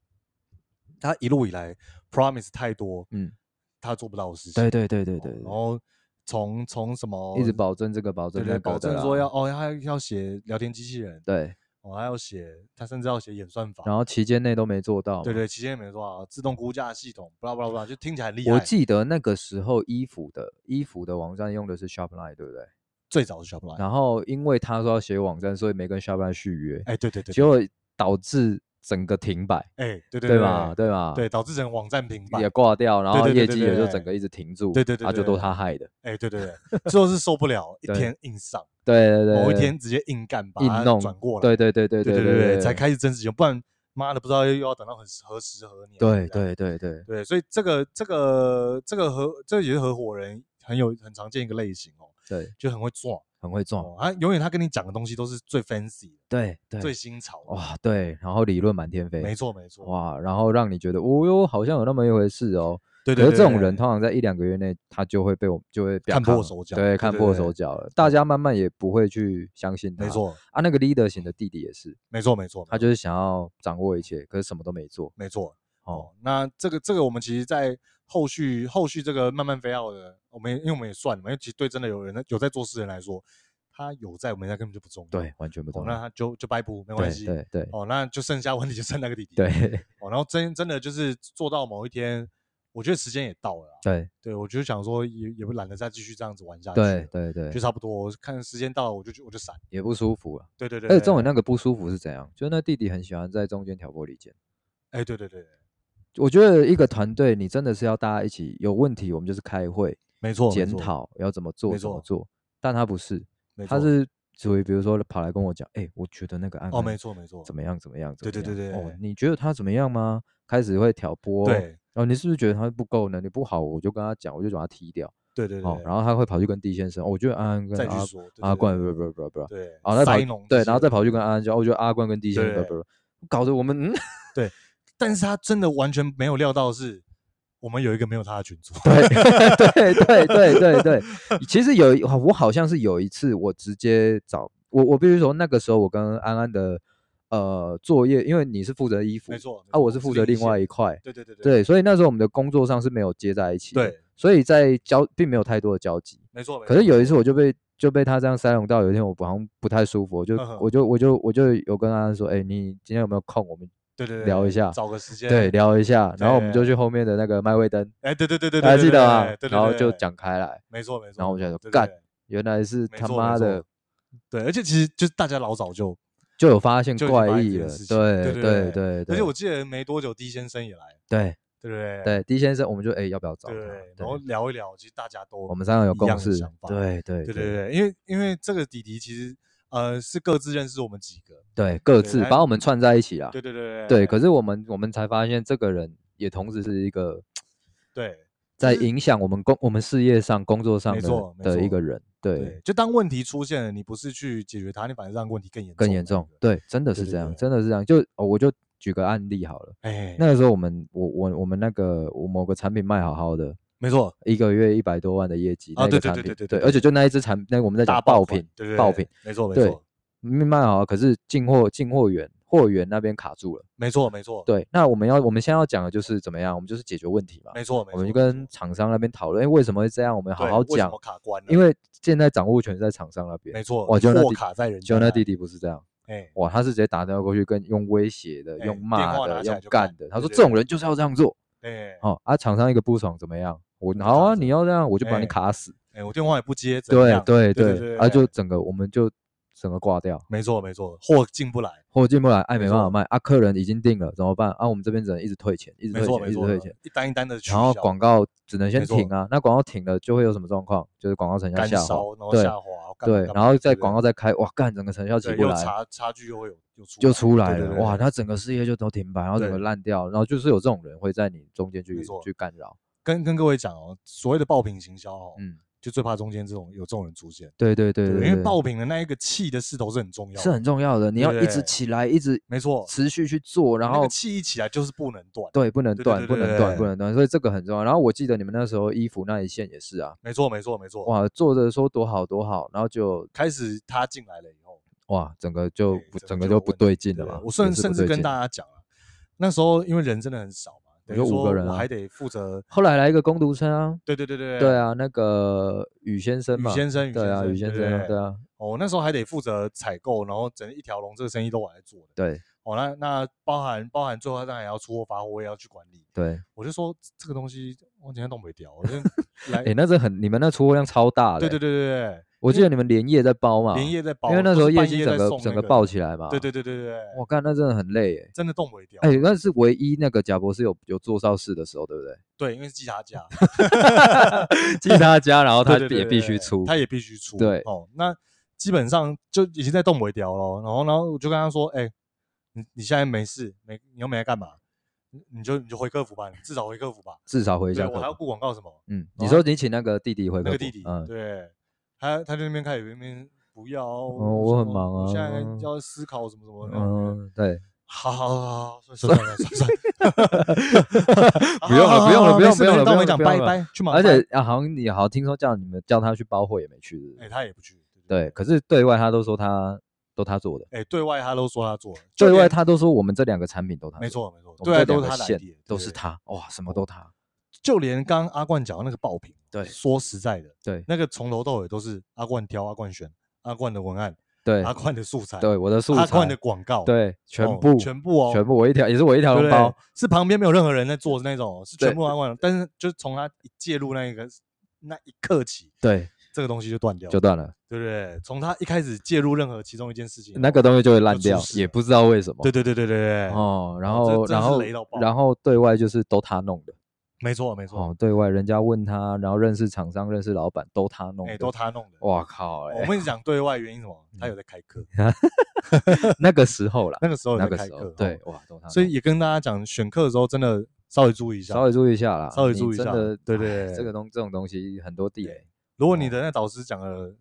他一路以來 Promise 太多，嗯，他做不到的事情。
對對對對對，對。然後。
從從什麼一直保證這個保證那個，對，對，對保證說要哦，他要要寫聊天機器人，對，我、哦、還要寫，他甚至要寫演算法，
然後期間內都沒做到，對，對對，
期間內沒做到，自動估價系統，巴拉巴拉巴拉，就聽起來厲害。我記
得那個時候，衣服的衣服的網站用的是 Shopline 對不對？最早是 Shopline，然後因為他說要寫網站，所以沒跟 Shopline 續約，哎、欸，對，對對對，結果導致。整個停擺，哎、欸，對對對吧？對嘛，對，導致整個網站停擺也掛掉，然後業績也就整個一直停住，對對對，對，對，對，那、啊、就都他害的，哎、欸，對對對，最後是受不了， 一天硬上，對，對對對，某一天直接硬幹硬弄，把它轉過來，對對對對對對對，對，對，對，對，對，對，對，才開始
正式用，不然媽的不知道又要等到何何時何年，
對對對對對，對，對，對，對，對，對，
對，對，所以這個這個這個合這也是合夥人很有很常見一個類型哦，對，就很會裝。很會裝、哦，他、啊、永遠他跟你講的東西都是最 fancy 的對，對，最新潮
的哇，對，然後理論滿天飛，嗯、沒錯沒錯哇，然後讓你覺得哦喲，好像有那麼一回事哦，對對對對，可是這種人、哎、通常在一兩個月內，他就會被我就會看破手腳，對，看破手腳了對對對對，大家慢慢也不會去相信他。沒錯啊，那個 leader 型的弟弟也是，沒錯沒錯，沒錯，他就是想要掌握一切，可是什麼都沒做。沒錯，好、
哦，那這個這個我們其實在後續後續這個慢慢飛奧的。我們也因為我們也算了嘛，因為其實對真的有人有在做事的人來說，他有在我沒在根本就不重
要，對，完全不重要，哦、那他
就就拜撲沒關係，對對，對，哦，那就剩下問題就剩那個弟弟，對，哦，然後真真的就是做到某一天，我覺得時間也到了，對對，我就想說也也不懶得再繼續這樣子玩下去，對對對，就差不多，我看時間到
了，我就就我就閃，也不舒服了、啊，對對對，對，哎，這種那個不舒服是怎樣？就那弟弟很喜歡在中間挑撥離間，哎、欸，對，對對對，我覺得一個團隊你真的是要大家一起，有問題，我們就是開會。沒錯，檢討要怎麼做？怎麼做？但他不是，他是屬於比如說跑來跟我講，哎，我覺得那個案哦，沒錯沒錯，怎麼樣怎麼樣？對對對對。哦，你覺得他怎麼樣嗎？開始會挑撥，對，哦，你是不是覺得他不夠呢？你不好，我就跟他講，我就把他踢掉。對對對、對。哦，然後他會跑去跟 D 先生，哦、我覺得安安跟阿、啊、阿冠，不不不不不，對，啊、哦，再跑，對，然後再跑去跟安安講，我覺得阿冠跟 D 先生，不不不，搞得我們，嗯，對，
但是他真的完全沒有料到是。我們有一個沒有他的群組。 對對對對對
對。其實有一，我好像是有一次，我直接找我我，必須說那個時候我跟安安的呃作業，因為你是負責衣服，沒錯啊，我是負責另外一塊。對對對對，對。所以那時候我們的工作上是沒有接在一起。對，所以在交並沒有太多的交集。沒錯沒錯。可是有一次我就被就被他這樣塞攏到，有一天我好像不太舒服，就我就呵呵我就我就，我就有跟安安說，哎、欸，你今天有沒有空？我們對對對，聊一下，找個時間對聊一下，然後我們就去後面的那個麥味登，哎，對對對對,對，大家還記得嗎？對,對,對,對,對，然後就講開來，沒錯沒錯，然後我們就說幹，原來是他媽的，
對，而且其實就是大家老早就就,老
早就,就有發現怪異了，事情對對對對,對,對,對,對對對，而且我
記得沒多久，D 先生也來
對，對對對對,對,對,對,對,對,對，D 先生，我們就哎、欸、要不要找他對對
對，然後聊一聊，對對對其實大家都我們三個有共識，
對對對對對,對,對對對，
因為因為這個弟弟其實。呃，是各自認識我們幾個，
對，各自對對對把我們串在一起啊，對對對對，對。可是我們我們才發現，這個人也同時是一個，對，在影響我們工我們事業上工作上的，就是、的一個人對。對，就當問題出現了，你
不是去解決它，你反而讓問題更嚴、
那個、更嚴重。對，真的是這樣，真的是這樣。就、哦、我就舉個案例好了。哎、欸，那個時候我們我我我們那個我某個產品賣好好的。沒錯，一個月一百多萬的業績、啊、對對對對對對，對而且就那一只產品，那個、我們在講爆，爆品，對，對，對爆品，沒錯沒錯，明白啊，可是進貨進貨源貨源那邊卡住了，
沒錯沒錯。對，
對，那我們要我們現在要講的就是怎麼樣，我們就是解決問題嘛。沒錯沒錯，我們就跟廠商那邊討論，哎、欸，為什麼會這樣？我們好好講，卡關，因為現在掌握權在廠商那邊，沒錯。哇，就那地，就那弟弟不是這樣，哎、欸，哇，他是直接打電話過去，跟用威脅的、欸、的、的、用罵的、用幹的，他說這種人就是要這樣做，哎，哦，啊，廠商一個不爽怎麼樣？我好啊，你要這樣，我就把你卡死。哎、
欸欸，我電話也不接，啊、對，對對對，啊，啊就
整個我們就整個掛掉。沒錯沒錯，貨進不來，貨進不來，哎、啊，沒辦法賣。啊，客人已經定了，怎麼辦？啊，我們這邊只能一直退錢，一直退錢，一直退錢，一單一單的取消。然後廣告只能先停啊。那廣告停了就會有什麼狀況？就是廣告成效下滑、啊，對，然後，下、啊、幹嘛幹嘛，對，然後在廣告再開，哇，幹，整個成效起不來，差差距又會有，出就出來了，對對對對，哇，那整個事業就都停擺，然後整個爛掉，然後就是有這種人會在你中間去去干擾。跟跟各位講
哦，所謂的爆品行銷哦，嗯，就最怕中間這種有這種人出現。對對對,對,對，因為爆品的那一個氣的勢頭是很重要，是很
重要的。你要一直
起來，一直沒錯，持續去做。對對對對然後氣一起來就是不能斷，對,對,對,
對,對,對，不能斷，不能斷，不能斷。所以這個很重要。然後我記得你們那時候衣服那一線也是啊，沒錯，沒錯，沒錯。哇，坐着說多好多好，然後就開始
他進來了以後，
哇，整個就不，整個就不對勁了嘛。我甚甚至跟大家
講、啊、那時候因為人真的很少嘛。有五個人，還得負責、啊。負責
後來來一個工讀生啊，對對對對對啊，對啊，那個宇先生嘛，宇先生、宇先生，對啊，宇先生，
對啊。哦，我那時候還得負責採購，然後整一條龍這個生意都我來做的對，哦，那那包含包含最後他當然也要出貨發貨，我也要去管
理。對，
我就說這個東西我今天都沒掉。
我就、 欸、那個很，你們那出貨量超大的、欸。對對對對對、對。我記得你們連夜在包嘛，連夜在包，因為那時候業績整個，個整個爆起來嘛。對對
對對對，對，
我看那真的很累耶，真的動不了一、欸、那是唯一那個賈博士有有做少事的時候，對不對？
對，因為是寄他家，寄 他家，然後他也必須出對對對對對，他也必須出。對哦，那基本上就已經在動不了了。然後，然後我就跟他說：“哎、欸，你你現在沒事沒你又沒在幹嘛？你就你就回客服吧，你至少回客服吧，至少回一下。”我還要顧廣告什麼？嗯，你說你
請那個弟弟回客服，那個、弟弟，嗯，對。
他他就那邊開始，那邊不要，
哦，我很忙啊，我現在要思考什麼什麼。嗯，對，好好好好， 算了算 用了算 了，不了，不了，不要了，不用了不用了不用了不用了，拜講，拜拜，去忙。而且啊，好像你好，像聽說叫你們叫他去包貨也沒去，哎、欸，他也不去。對，對，對，可是對外他都說他都他做的，
哎、欸，對外他都說他做，的，對外
他都說我們這兩個產品都他做的沒
錯沒錯，對，都是他線，
都是他，哇，什麼都他。
就連剛阿冠講那個爆品，對，說實在的，對，那個從頭到尾都是阿冠挑，阿冠選，阿冠的
文案，對，阿冠的素材，對，我的素材，阿冠的廣告，對、哦，全部，全部哦、喔，全部，我一條也是我一條龍包，
是旁邊沒有任何人在做，的那種，是全部阿冠，但是就從他一介入那個那一
刻起，對，這個東西就斷掉了，就斷了，
對不對,對？從他一開始介入任何其中一件事情，那個
東西就會爛掉，也不知道為什麼，對對對對對對，哦，然後然後然後對外就是都他弄的。沒錯，沒錯、哦。對外人家問他，然後認識廠商，認識老闆，都他弄的，都他弄的。哇靠、欸哦！我跟你
講，對外原因是什麼？嗯、他有在， 有在開課，那個時候了，那個時候在開課。對，哇都他，所以也跟大家講，選課的時候真的稍微注意一下，稍微注意一下啦。稍微注意一下。對對，這個東這種東西很多地雷、嗯。如果你的那導師講的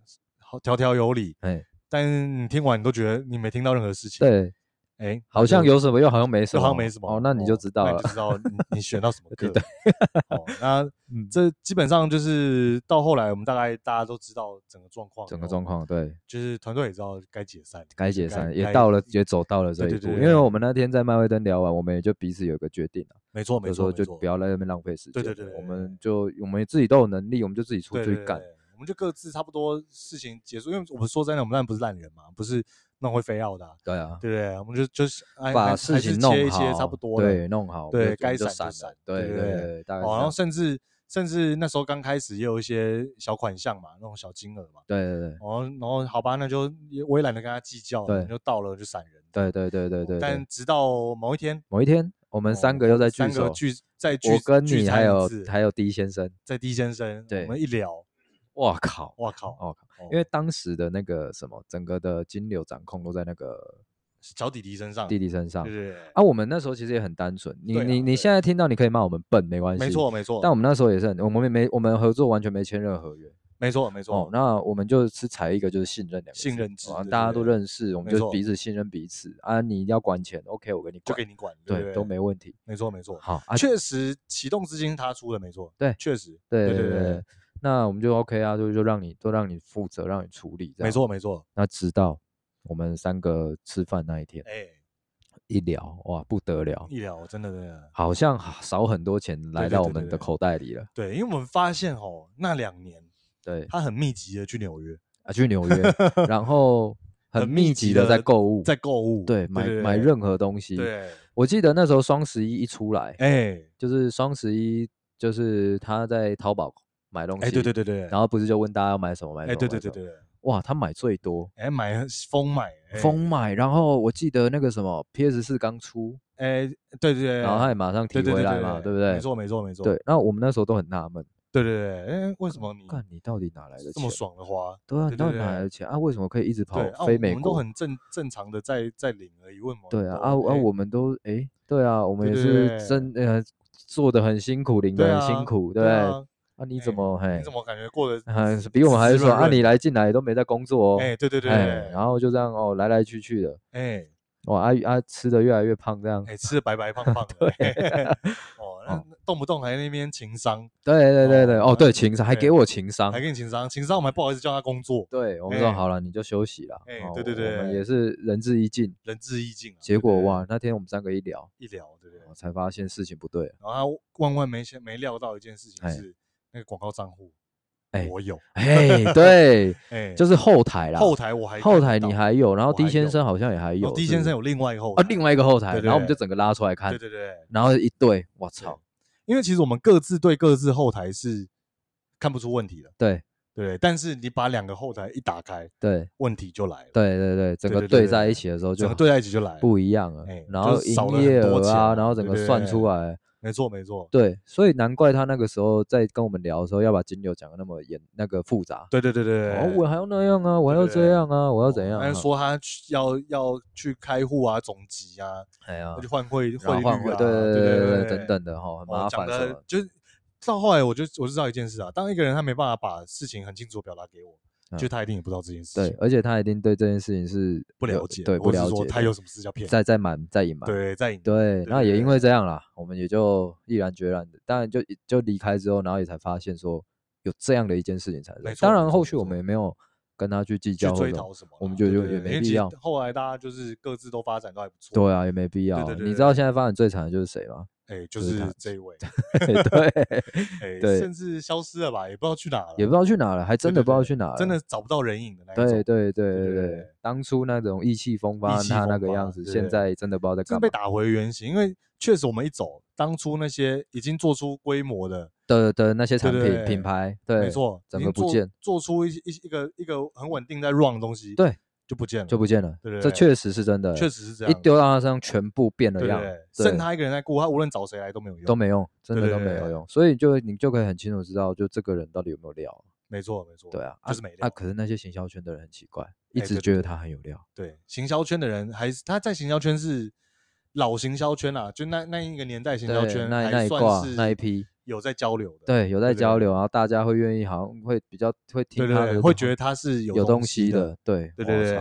條條有理、嗯，但你聽完你都覺得你沒聽到任何事情。對。哎、欸，好像有什麼，又好像沒什麼，又好像沒
什麼哦,哦。那你就知道了，嗯、你知
道你,你選到什麼對、 哦，那這基本上就是到後來，我們大概大家都知道整個狀況，整個狀況對，就是
團隊也知道該解散，該解散也到了，也走到了這一步。對對對對因為我們那天在麥味登聊完，我們也就彼此有一個決定了，沒錯沒錯，就不要在那邊浪費時間。對對對,對，我們就我們自己都有能力，我們就自己出去幹，對對對
對我們就各自差不多事情結束。因為我們說真的，我們那不是爛人嘛，不是。弄會飛要的、啊，對啊，對不、啊、對。我們就就是把事情弄好切一些差不多，對，弄好，對，該散就散，對對對，對當然、哦。然後甚至甚至那時候剛開始也有一些小款項嘛，那種小金額嘛，對對對。然後然後好吧，那就我也懶得跟他計較，對，對，就到了就散
人對，對對對對對，對、哦。但
直到某一天，
某一天我們三個又在、哦、個聚，三聚在聚，我跟你聚還有還有 D 先生，
在 D 先生，對，我們一
聊。我靠！
我靠！我靠！因為
當時的那個什麼，整個的金流掌控都在那個小弟弟身上，弟弟身上。對，對，對。啊，我們那時候其實也很單純。你你你現在聽到，你可以罵我們笨，沒關係。沒錯，沒錯。但我們那時候也是很，我們沒沒，我們合作完全沒簽任何合約。沒錯，沒錯。哦。那我們就是採一個，就是信任兩個字。信任制。大家都認識對，對對，我們就彼此信任彼此啊！你一定要管錢，OK，我給你。管。就給你管對對。對。都沒問題。沒錯，沒錯。好。確、啊、確
實，啟動資金他出的，沒錯。對，確實。對對對，對，對。
那我們就 OK 啊，就就讓你，都讓你負責，讓你處理。沒錯，沒錯。那直到我們三個吃飯那一天，哎、欸，一聊哇，不得了，一
聊真的真的，
啊，好像，啊、少很多錢來到我們的口袋裡了。對，對,對,對,
對,對,對，因為我們發現哦，那兩年，對，他很密集的去紐約
啊，去紐約， 然後很密集的在購物，物，在購物，對,對,對,對，買買任何東西。對、欸，我記得那時候雙十一一出來，哎、欸，就是雙十一，就是他在淘寶。買東西，哎、欸，對，對對對，然後不是就問大家要買什麼買什麼，欸、對，對，對對對哇，他買最多，
哎、欸，買瘋買
瘋、欸、買，然後我記得那個什麼 P S 四剛出，哎、欸，
對對，對對，然後他也馬上提回來嘛，對，對，對，對，對不對？沒錯沒錯沒錯。對，
然後我們那時候都很納悶，對對對，哎、欸，為什麼你，看你到底哪來的錢這麼爽的
花？對啊，你到底哪來
的錢對對對對啊？為什麼可以一直跑飛美國、啊？我們都很
正正常的在在領而已。問
毛？對啊，啊、欸、啊我們都哎、欸，對啊，我們也是真呃做的很辛苦，領的很辛苦，對不、啊、對，對，對，對？對那、啊、你怎麼、欸嘿？你怎麼感覺過得、啊、比我們還爽？啊，你來進來都沒在工作哦？哎、欸，對對對、欸，然後就這樣哦，來來去去的，哎、欸，阿啊啊，吃的越來越胖，這樣，哎、欸，吃的
白白胖胖的， 對、啊欸，哦，那、哦、動不動還那邊情商，
對對對對，哦，對，情商還給我情商，還
給你情商，情商我們還不好意思叫他工作，對我們說好
了你就休息了，哎、欸欸嗯，對對對，也是仁至義盡，仁至義盡，結果對對對哇，那天我們三個一聊一聊，對對對？我才發現事情不對，
然後他萬萬沒先沒料到一件事情是。欸那個，廣告賬戶，
哎、欸，我有，哎、欸，對，哎、欸，就是後台啦，後台我還，後台你還有，然後 D 先生好像也還有，還有是是、哦、，D 先生有另外一個後台。啊，另外一個後台對對對，然後我們就整個拉出來看，對對對，然後一對，我操，
因為其實我們各自對各自後台是看不出問題的，對對，但是你把兩個後台一打開，對，
問題就來了，對對對，整個對在一起的時候就，就。對在一起就來了不一樣了，然後營業額啊對對對，然後整個算出來。對對對
沒錯，沒錯。對，
所以難怪他那個時候在跟我們聊的時候，要把金流講得那麼嚴，那個複雜。對,對，對,對，對，對。我還要那樣啊，我還要這樣啊，對對對我要怎樣、啊？哦、說
他要要去開戶啊，總集啊，哎呀，去換匯換換啊，對,對，對,對,對，對,對,對，對,對,對,對，等等的哈，喔、很麻煩死就是到後來我，我就我知道一件事啊，當一個人他沒辦法把事情很清楚的表達給我。就他一定也不知道這
件事情，對，而且他一定對這件事情是不了解，對，不了解。說他有什麼事叫騙？在在瞞，在隱瞞。對，在隱對,對,對。那也因為這樣啦，我們也就毅然決然的，當然就就離開之後，然後也才發現說有這樣的一件事情才。沒錯。當然後續我們也沒有跟他去計較或去追討什麼，我們覺得也沒必要。對
對對後來大家就是各自都發展都
還不錯。對啊，也沒必要。對對對,對,對，你知道現在發展最慘的就是誰嗎？哎、欸，就是這一位， 欸、對，哎，甚至消
失了吧？也不知道去哪了，
也不知道去哪了，還真的不知道去哪了，真的找不到人影的那一種。對對對對對，對，當初那種意氣風發他那個樣子，現在真的不知道在幹嘛，被打回原形。因為確實我們一走，
當初那些已經做出規模的的
的那些產品對對對，品牌，對，沒錯，整個不見，
做，做出一一一個一個很穩定的在 run 的東西，對。
就不見了，就不見了。對、對、對，這確實是真的，確實是這樣。一丟到他身上，全部變了樣，對對對對對，剩他
一個人在顧。他無論找誰來都沒有用，都沒用，真的都沒有用。
對對對對對對對所以就你就可以很清楚知道，就這個人到底有沒有料。
沒錯，沒錯。對啊，就是沒料、啊。那、
啊啊、可是那些行銷圈的人很奇怪，一直覺得他很有料。哎、對、對、對、對、
對、對，行銷圈的人還是他在行銷圈是老行銷圈、啊、啦，就那那一個年代行銷圈，那那一掛，那一批。有在交流
的，對，有在交流，對對對然後大家會願意，好像會比較會聽，他的對對對，會覺得他是有東西的，西的對,對對
對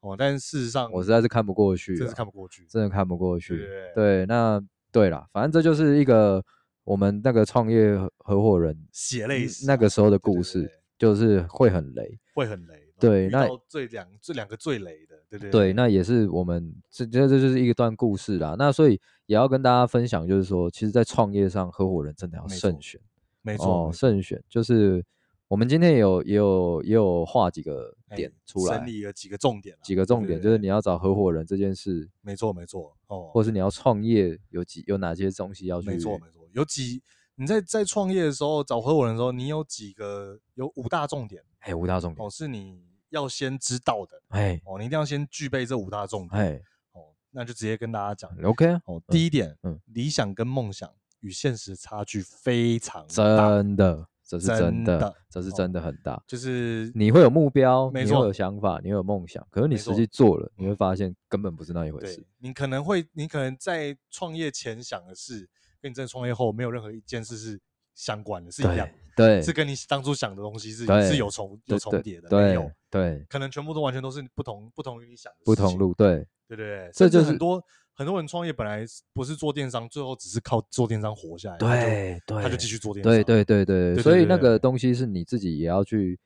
哦，但事實上我實在是看不過去，真是看不過去對對對，真的看不過去，
對，那對啦，反正這就是一個我們那個創業合夥人血淚、嗯、那個時候的故事對對對，就是會很雷，會很雷。對，那
這兩這兩個最雷的，對不對，對？對，那
也是我們這這這就是一段故事啦、嗯。那所以也要跟大家分享，就是說，其實，在創業上，合夥人真的要慎選，沒錯、哦，慎選。就是我們今天，有、就是、我們今天有也有也有也有畫幾個點出來，整理、
欸幾、啊、幾個重點，
幾個重點，就是你要找合夥人這件事，
沒錯沒錯，哦，或
是你要創業有幾有哪些東西要去做，沒
錯，有幾你在在創業的時候找合夥人的時候，你有幾個有五大重點。哎，五大重點哦，是你要先知道的。哎，哦，你一定要先具備這五大重點。哎，哦，那就直接跟大家講。OK 哦、嗯，第一點，嗯，理想跟夢想與現實差距非常
大，真的，這是真的，真的這是真的很大。哦、就是你會有目標，沒錯，你會有想法，你會有夢想，可是你實際做了，你會發現根本不是那一回事。
你可能會，你可能在創業前想的是，跟你在創業後沒有任何一件事是。相關的是一樣。對，對，是跟你當初想的東西是是有重有重疊的，對。有對，對，可能全部都完全都是不同，不同於你想的事情不同路，對，對對對這就是、很多很多人創業本來不是做電商，最後只是靠做電商活下來，對對，他就繼續做電商，對對對對，所以那個
東西是你自己也要去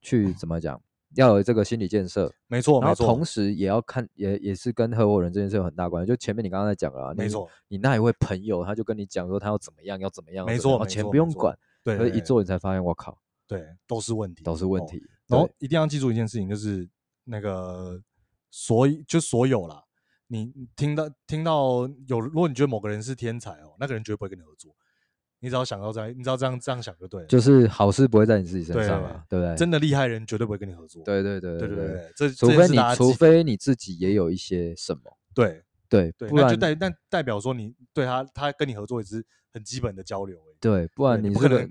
去怎麼講。啊要有這個心理建設，沒錯，沒錯。同時也要看，也也是跟合夥人這件事有很大關係。就前面你剛剛在講了，沒錯。你那一位朋友，他就跟你講說他要怎麼樣，要怎麼樣，沒錯，錢不用管。對，可是一做你才發現，我靠，對，對，對，對，都是問題，都是問題。哦、然後
一定要記住一件事情，就是那個，所以就所有啦。你聽到聽到有，如果你覺得某個人是天才哦、喔，那個人絕對不會跟你合作。你只要想到這樣，你只要這樣這樣想就對了。就
是好事不會在你自己身上啊，對不對？真的
厲害的人絕對不會跟你合作，對對對對對對，對對對對這除非你除
非你自己也有一些什麼，對對對，不然就代
但代表說你對他他跟你合作也是很基本的交流哎，對，不然你，你不可能。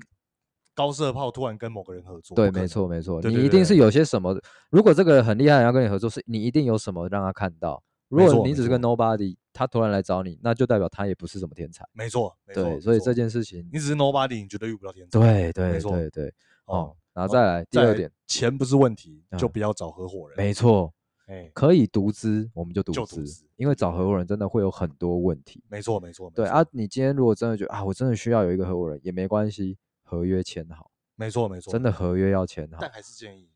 高射炮突然跟某個人合作，對，對沒錯沒錯對對對對對，你一定是
有些什麼，如果這個很厲害人要跟你合作，是你一定有什麼讓他看到。如果你只是個 nobody，他突然來找你，那就代表他也不是什麼天才。沒錯，對，所以這件事情，
你只是 nobody，你絕對遇不到天才。對對，對，對對。
哦、嗯嗯，然後再來第二點，哦、錢不是問題，就不要找合夥人。嗯、沒錯、欸，可以獨資，我們就獨資，因為找合夥人真的會有很多問題。
沒錯沒錯，對沒
啊，你今天如果真的覺得啊，我真的需要有一個合夥人，也沒關係，合約簽好。沒錯沒錯，真的合約要簽好。
但還是建議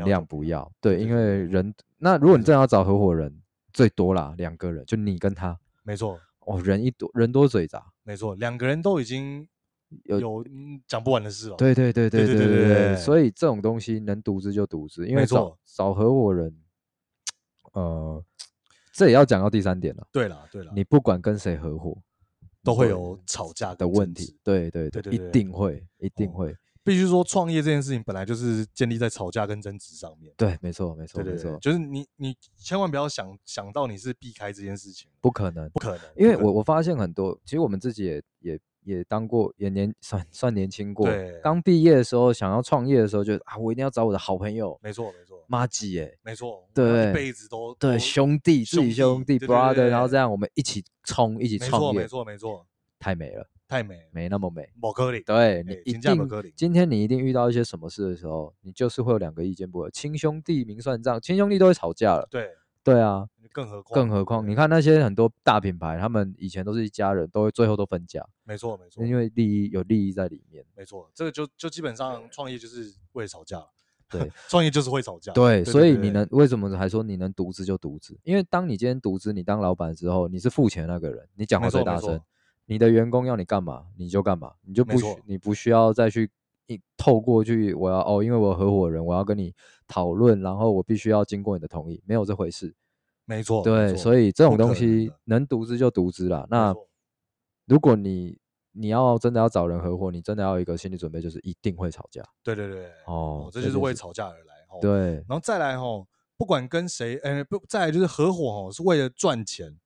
儘量不要，對，對因為人，那如果你真的要找合夥人。最多啦兩個人就你跟他，沒錯哦，人一多人多嘴雜，
沒錯，兩個人都已經有，有、嗯、講不完的事了。對對對，對對對對對對對，所
以這種東西能獨資就獨資，因為少少合夥人，呃，這也要講到第三點了。對啦對啦，你不管跟誰合夥，都會有吵架的問題。對對對對，對，對，對，對，對，對，對，一定會一定會。哦
必須說，創業這件事情本來就是建立在吵架跟爭執上
面。對，沒錯，沒錯，沒錯，就
是你，你千萬不要想想到你是避開這件事情，
不可能，不可能。不可能，因為我我發現很多，其實我們自己也也也當過，也年算算年輕過。對，剛畢業的時候，想要創業的時候，就啊，我一定要找我的好朋友。沒錯，沒錯，麻吉、欸，哎，沒錯，對，一輩子都對,都對兄弟，兄弟兄弟，brother，然後這樣我們一起衝，一起創業，沒錯，沒錯，太美了。太美，沒那麼美。某隔離對，你一定、欸，沒。今天你一定遇到一些什麼事的時候，你就是會有兩個意見不合。親兄弟明算賬，親兄弟都會吵架了。對，對啊。更何況，更何況、欸，你看那些很多大品牌，他們以前都是一家人都會最後都分家。沒錯，沒錯。因為利益有利益在裡面。
沒錯，這個就就基本上創業就， 就是會吵架
對，創業就是會吵架。對，所以你能為什麼還說你能獨資就獨資？因為當你今天獨資，你當老闆之後，你是付錢的那個人，你講話最大聲。你的員工要你幹嘛，你就幹嘛，你就不需，你不需要再去一透過去。我要哦，因為我合夥人，我要跟你討論，然後我必須要經過你的同意，沒有這回事。沒錯，對，所以這種東西能獨資就獨資啦。那如果你你要真的要找人合夥，你真的要有一個心理準備，就是一定會吵架。對對對，對，哦對，對，對，哦，這就是為吵架而來。對，然
後再來吼，不管跟誰，呃、欸，不，再來就是合夥哦，是為了賺錢。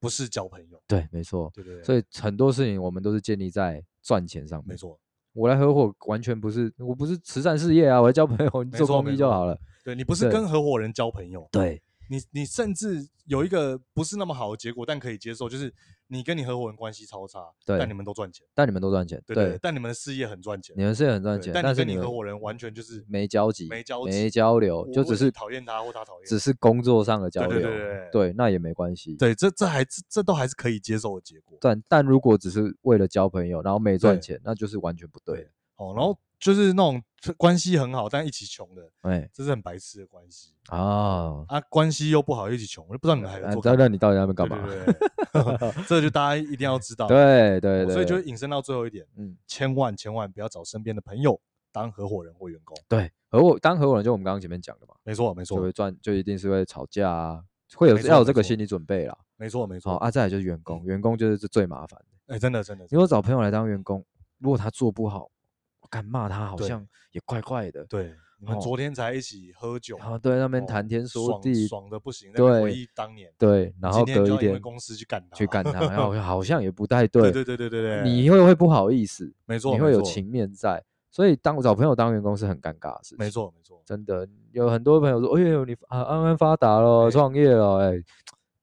不是交朋
友，對，沒錯，對對，對對，所以很多事情我們都是建立在賺錢上面，沒錯。我來合夥完全不是，我不是慈善事業啊，我來交朋友，你做公益就好了。對，你不是跟合夥
人交朋友，對。對對。你你甚至有一個不是那麼好的結果，但可以接受，就是你跟你合夥人關係超差，對，但你們都賺錢，但你們都賺錢，對，但你們賺錢，對對對，但你們的事業很賺錢，你們事業很賺錢，但是你合夥人完全就是沒交集，沒交沒交流，就只是討厭他或他討厭，只是工作上的交流，對對對，對，
對，那也沒關係，對，這這還是這都還是可以接受的結果。但但如果只是為了交朋友，然後沒賺錢，那就是完全不對。
好、哦，然後就是那種。關係很好，但一起窮的，哎、欸，這是很白痴的關係
啊、哦！
啊，關係又不好，一起窮，我就不知道你們還有。那、啊、那，
要你到底在那邊幹嘛？對對對
這就大家一定要知道。對對對，對，所以就引申到最後一點，嗯，千萬千萬不要找身邊的朋友當合夥人或員
工。對，合夥當合夥人，就我們剛剛前面講的嘛，沒錯沒錯，就會賺，就一定是會吵架啊，會有要有這個心理準備啦。沒錯沒錯啊，再來就是員工，員工就是最麻煩
的。哎、欸，真的真的，
如果找朋友來當員工，嗯、如果他做不好。敢罵他好像
也怪怪的對，然後，對，我們昨天才一起喝酒，啊，然後對，那邊談天說地爽，爽的不行。對，回憶當年對，對，然後隔一天，天公司去幹他， 去幹他，然後好像也不太對。對對對對對對，你
會會不好意思，沒錯，你會有情面在，所以當找朋友當員工是很尷尬的事情對。沒錯沒錯，真的有很多朋友說，哎呦你啊安安發達了，創業了，哎、欸。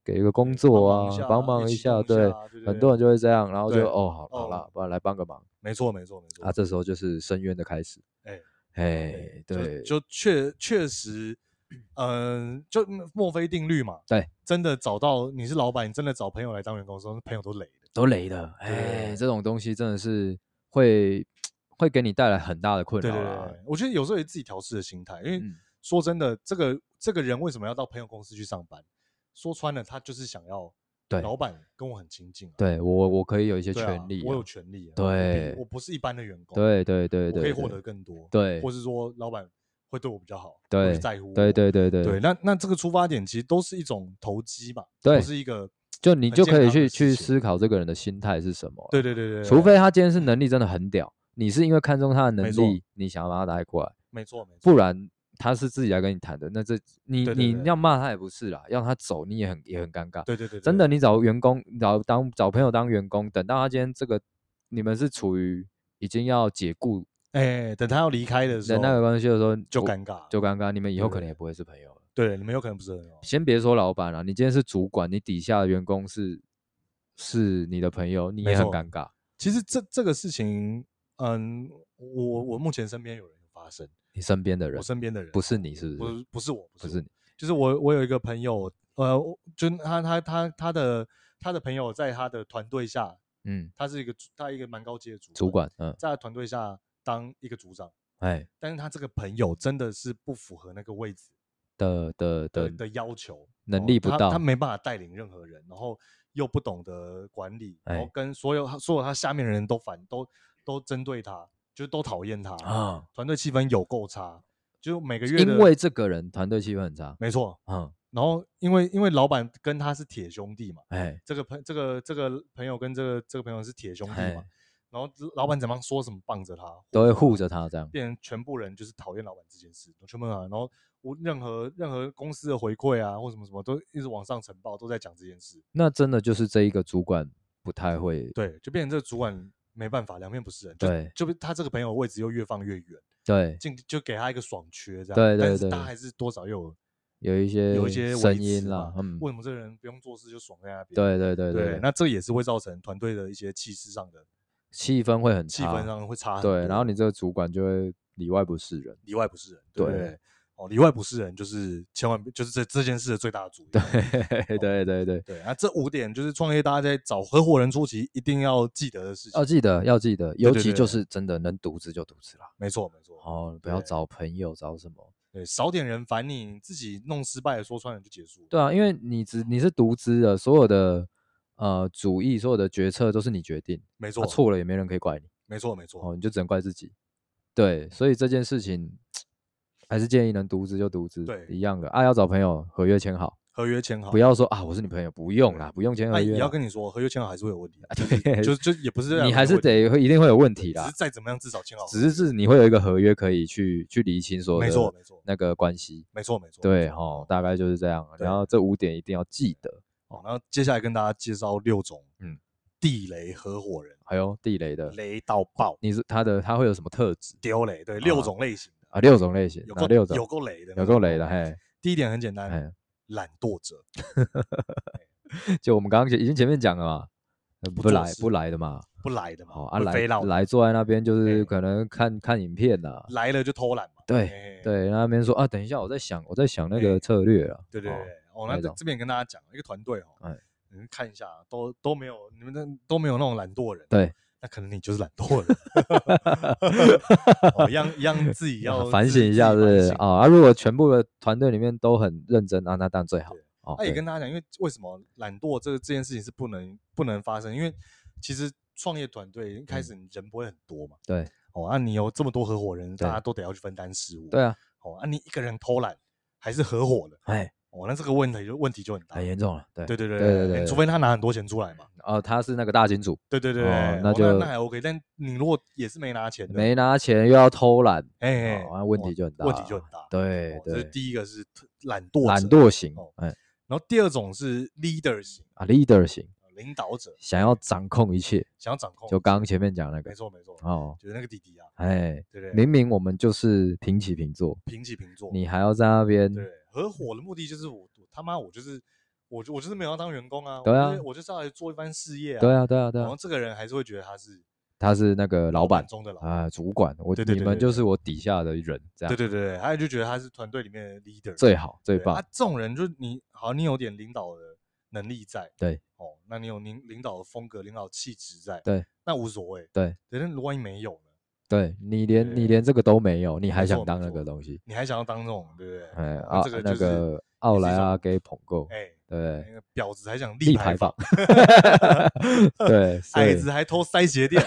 給一個工作啊，幫忙一下，忙一下一、啊對，對，很多人就會這樣，然後就哦，好了，哦，不然來幫個忙。沒錯，沒錯，沒錯。啊，這時候就是深淵的開始。哎，哎，對，就，
就確確實，嗯、呃，就墨菲定律嘛。對，真的找到你是老闆，你真的找朋友來當員工，的時候，朋友都雷的，都雷的。哎，這
種東西真的是會會給你帶來很大的困擾，啊。對對，對對對，我
覺得有時候也自己調試的心態，因為、嗯、說真的，這個這個人為什麼要到朋友公司去上班？說穿了，他就是想要對老闆跟我很親
近、啊，對我我可以有一些權利、啊啊，我有權利、啊對，對，我不是一般的員工，對對對，對對，我可以獲得更多，對，對或者是
說老闆會對我比較好，對，在乎我對對對對，對，那那這個出發點其實都是一種投機吧，對，是一個，就你就可以去
去思考這個人的心態是什麼、啊，對對、對對對對，除非他今天是能力真的很屌，嗯、你是因為看中他的能力，你想要把他帶過來，沒錯沒錯，不然。他是自己來跟你談的，那這你對對對你要罵他也不是啦，讓他走你也很也很尷尬。對,對對對，真的，你找員工找當找朋友當員工，等到他今天這個你們是處於已經要解雇，
哎、欸，等他要離開的時候，等他有
關係的時候就尷尬，就尷尬，你們以後可能也不會是朋友了。對,
對，你們有可能不是朋
友。先別說老板了、啊，你今天是主管，你底下的員工是是你的朋友，你也很尷尬。
其實這這個事情，嗯，我我目前身邊有人發生。
你身邊的人，我身邊的人，不是你，是不是？不，是不是我，不是我，不是你，
就是我。我有一個朋友，呃，就是、他他他他的他的朋友，在他的團隊下，嗯，他是一個他一個蠻高級的主主管，嗯，在他團隊下當一個組長，哎，但是他這個朋友真的是不符合那個位置
的的的的要求，能力不到，他，他沒
辦法帶領任何人，然後又不懂得管理，哎、然後跟所有所有他下面的人都反都都針對他。就都討厭他啊，
團隊氣氛有夠差，就每個月因為這個人團隊氣氛很差，
沒錯、嗯，然後因為因為老板跟他是鐵兄弟嘛，哎、欸，這個朋這個這個朋友跟這個這個朋友是鐵兄弟嘛，欸、然後老板怎麼說什麼幫着他，都會護着他，這樣變成全部人就是討厭老板這件事，全部人。然後無任何任何公司的回饋啊或什麼什麼都一直往上呈報，都在講這件事，
那真的就是這一個主管不太會，對，
就變成這個主管。沒辦法，兩面不是人，就對，就他這個朋友位置又越放越遠，對，就就給他一個爽缺這樣，對對對，但是他還是多少有有一些有一些聲音啦。為什麼這個人不用做事就爽在那邊？對對對對，對，對，那這也是會造成團隊的一些氣勢上的
氣氛會很差，氣氛上會差很多對，然後你這個主管就會裡外不是人，裡外不是人，對。對哦，裡外不是人，就是千萬
別，就是這這件事的最大的主
對，、哦、對對對對對。那
這五點就是創業，大家在找合夥人初期一定要記得的事情。要記得，要記得，尤其就
是真的能獨資就獨資啦。沒錯，沒錯。哦，不要找朋友，找什麼？
對，少點人煩你，你自己弄失敗，說穿了就結束。
對啊，因為你只你是獨資的，所有的呃主意，所有的決策都是你決定。沒錯。錯、啊、了也沒人可以怪你。沒錯，沒錯。哦，你就只能怪自己。對，所以這件事情。還是建議能獨資就獨資，對，一樣的。啊，要找朋友，合約簽好，合約簽好，不要說啊，我是你朋友，不用啦，不用簽合約。你、啊、要
跟你說，合約簽好還是會有問題。對，就就也不是這樣，你還是得
一定會有問題啦。是再怎麼樣，至少簽好。只是是你會有一個合約可以去去理清說，沒錯沒錯，那個關係，沒錯沒錯。對哈，大概就是這樣。然後這五點一定要記得哦、嗯。然後接下來跟大家介紹六種，
嗯，地雷合夥
人，還、嗯、有、哎、地雷的，雷到爆。你是他的，他會有什麼特質？丟雷，對，六種類型。啊。啊、六種類型，有六種有夠雷的，有夠雷的嘿。第一點很簡單，懶惰者， 就我們剛剛已經前面講了嘛，不，不來不來的嘛，不來的嘛，哦、啊來來坐在那邊就是可能看看，看影片吶、啊，來了就偷懶嘛，對對，對，對，對，那邊說啊，等一下我在想我在想那個策略啊，對對對，
哦，哦那這邊跟大家講一個團隊哦，哎，你們看一下都都沒有你們都都沒有那種懶惰的人、啊，對。可能你就是懶惰了、 哦，哈，一樣一樣自己要反省一下，是
啊。啊、哦，如果全部的團隊裡面都很認真，那那當然最好。那、哦啊、也跟
大家講，因為為什麼懶惰這這件事情是不能不能發生？因為其實創業團隊一開始人不會很多嘛，
嗯、對。哦那、啊、你有這
麼多合夥人，大家都得要去分擔事務，對啊。哦那、啊、你一個人偷懶還是合夥的，哎。哦，那這個問題就問題就很大，很
嚴重了。對對對對對對，對、欸，除非他拿很多錢出來嘛。哦、呃，他是那個大金主。對對對，哦、那就、哦、那，那
還 OK。但你如果也是沒拿錢，對對，沒拿
錢又要偷懶，哎、哦，那問題就很大。問題就很大。對對，哦、這是第一個是懶惰懶惰型，哎、
哦，然後第二種是 leader 型啊，leader 型，領導者
想要掌控一切，想要掌控一切，就剛剛前面講那個，沒錯沒錯。哦，就是那個弟弟啊，哎，對，對對，明明我們就是平起平坐，平起平坐，你還要在那邊。對。
合夥的目的就是我，我他媽我就是我我就是沒有要當員工啊，對啊，我就，是、我就是要來做一番事業啊，對啊對啊對啊。然後這個人還是會覺得他是
他是那個老板，老板中的老板啊主管，我對對對對對對對，你們就是我底下的人這樣，對對
對，對，還有就覺得他是團隊裡面的 leader 最好最棒。他、啊、這種人就是你好像你有點領導的能力在，對哦，那你有領領導的風格、領導氣質在，對，那無所謂，對，可是如果你沒有
對你連你連這個都沒有，你還想當那個東西？還你還想要當那種，對不對？哎啊，這個這、就是那個奧萊啊給捧夠，哎、欸，對，那個婊子還想立牌坊， 對，矮、啊、子還偷塞鞋墊，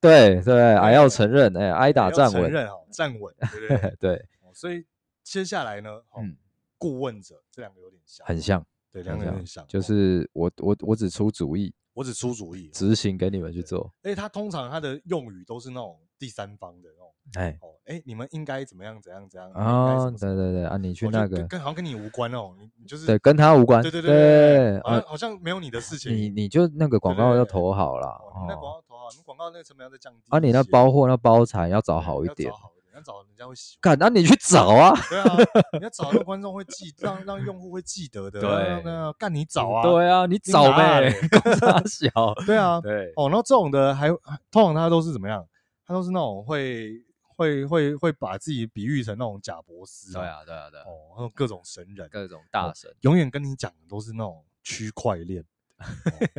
對，對不對？矮要承認，哎，挨打站穩，站穩，對對
對，對。所以接下來呢，嗯，顧問者這兩個有點，兩有點
像，很像，對，兩個有點像，就是我我我只出主意。我只出主意，執行給你們去做。
哎、欸，他通常他的用語都是那種第三方的那種，哎哦，哎、喔欸，你們應該怎麼樣怎樣怎樣啊？啊什麼什麼
對對對啊，你去那個，喔、跟，跟好
像跟你無關哦、喔，你就是對，跟他無關，對對對，好像沒有你的事情，你你就那個
廣告要投好了、喔喔，那廣告投好，對對對，你廣告那
個成本要
再降低啊，你那包貨那包材要找好一點。你要找人家會喜歡，幹、啊、你去找啊！對，對啊，你要找一個觀眾會
記， 讓讓用戶會記得的。 對啊，幹你找啊！對啊，你找唄。公司小。 對啊，對哦，然後這種的還通常他都是怎麼樣？他都是那種會會會會把自己比喻成那種假博士。對啊，對啊，對啊哦，各種
神人，各種大神，
哦、永遠跟你講的都是那種區塊鏈。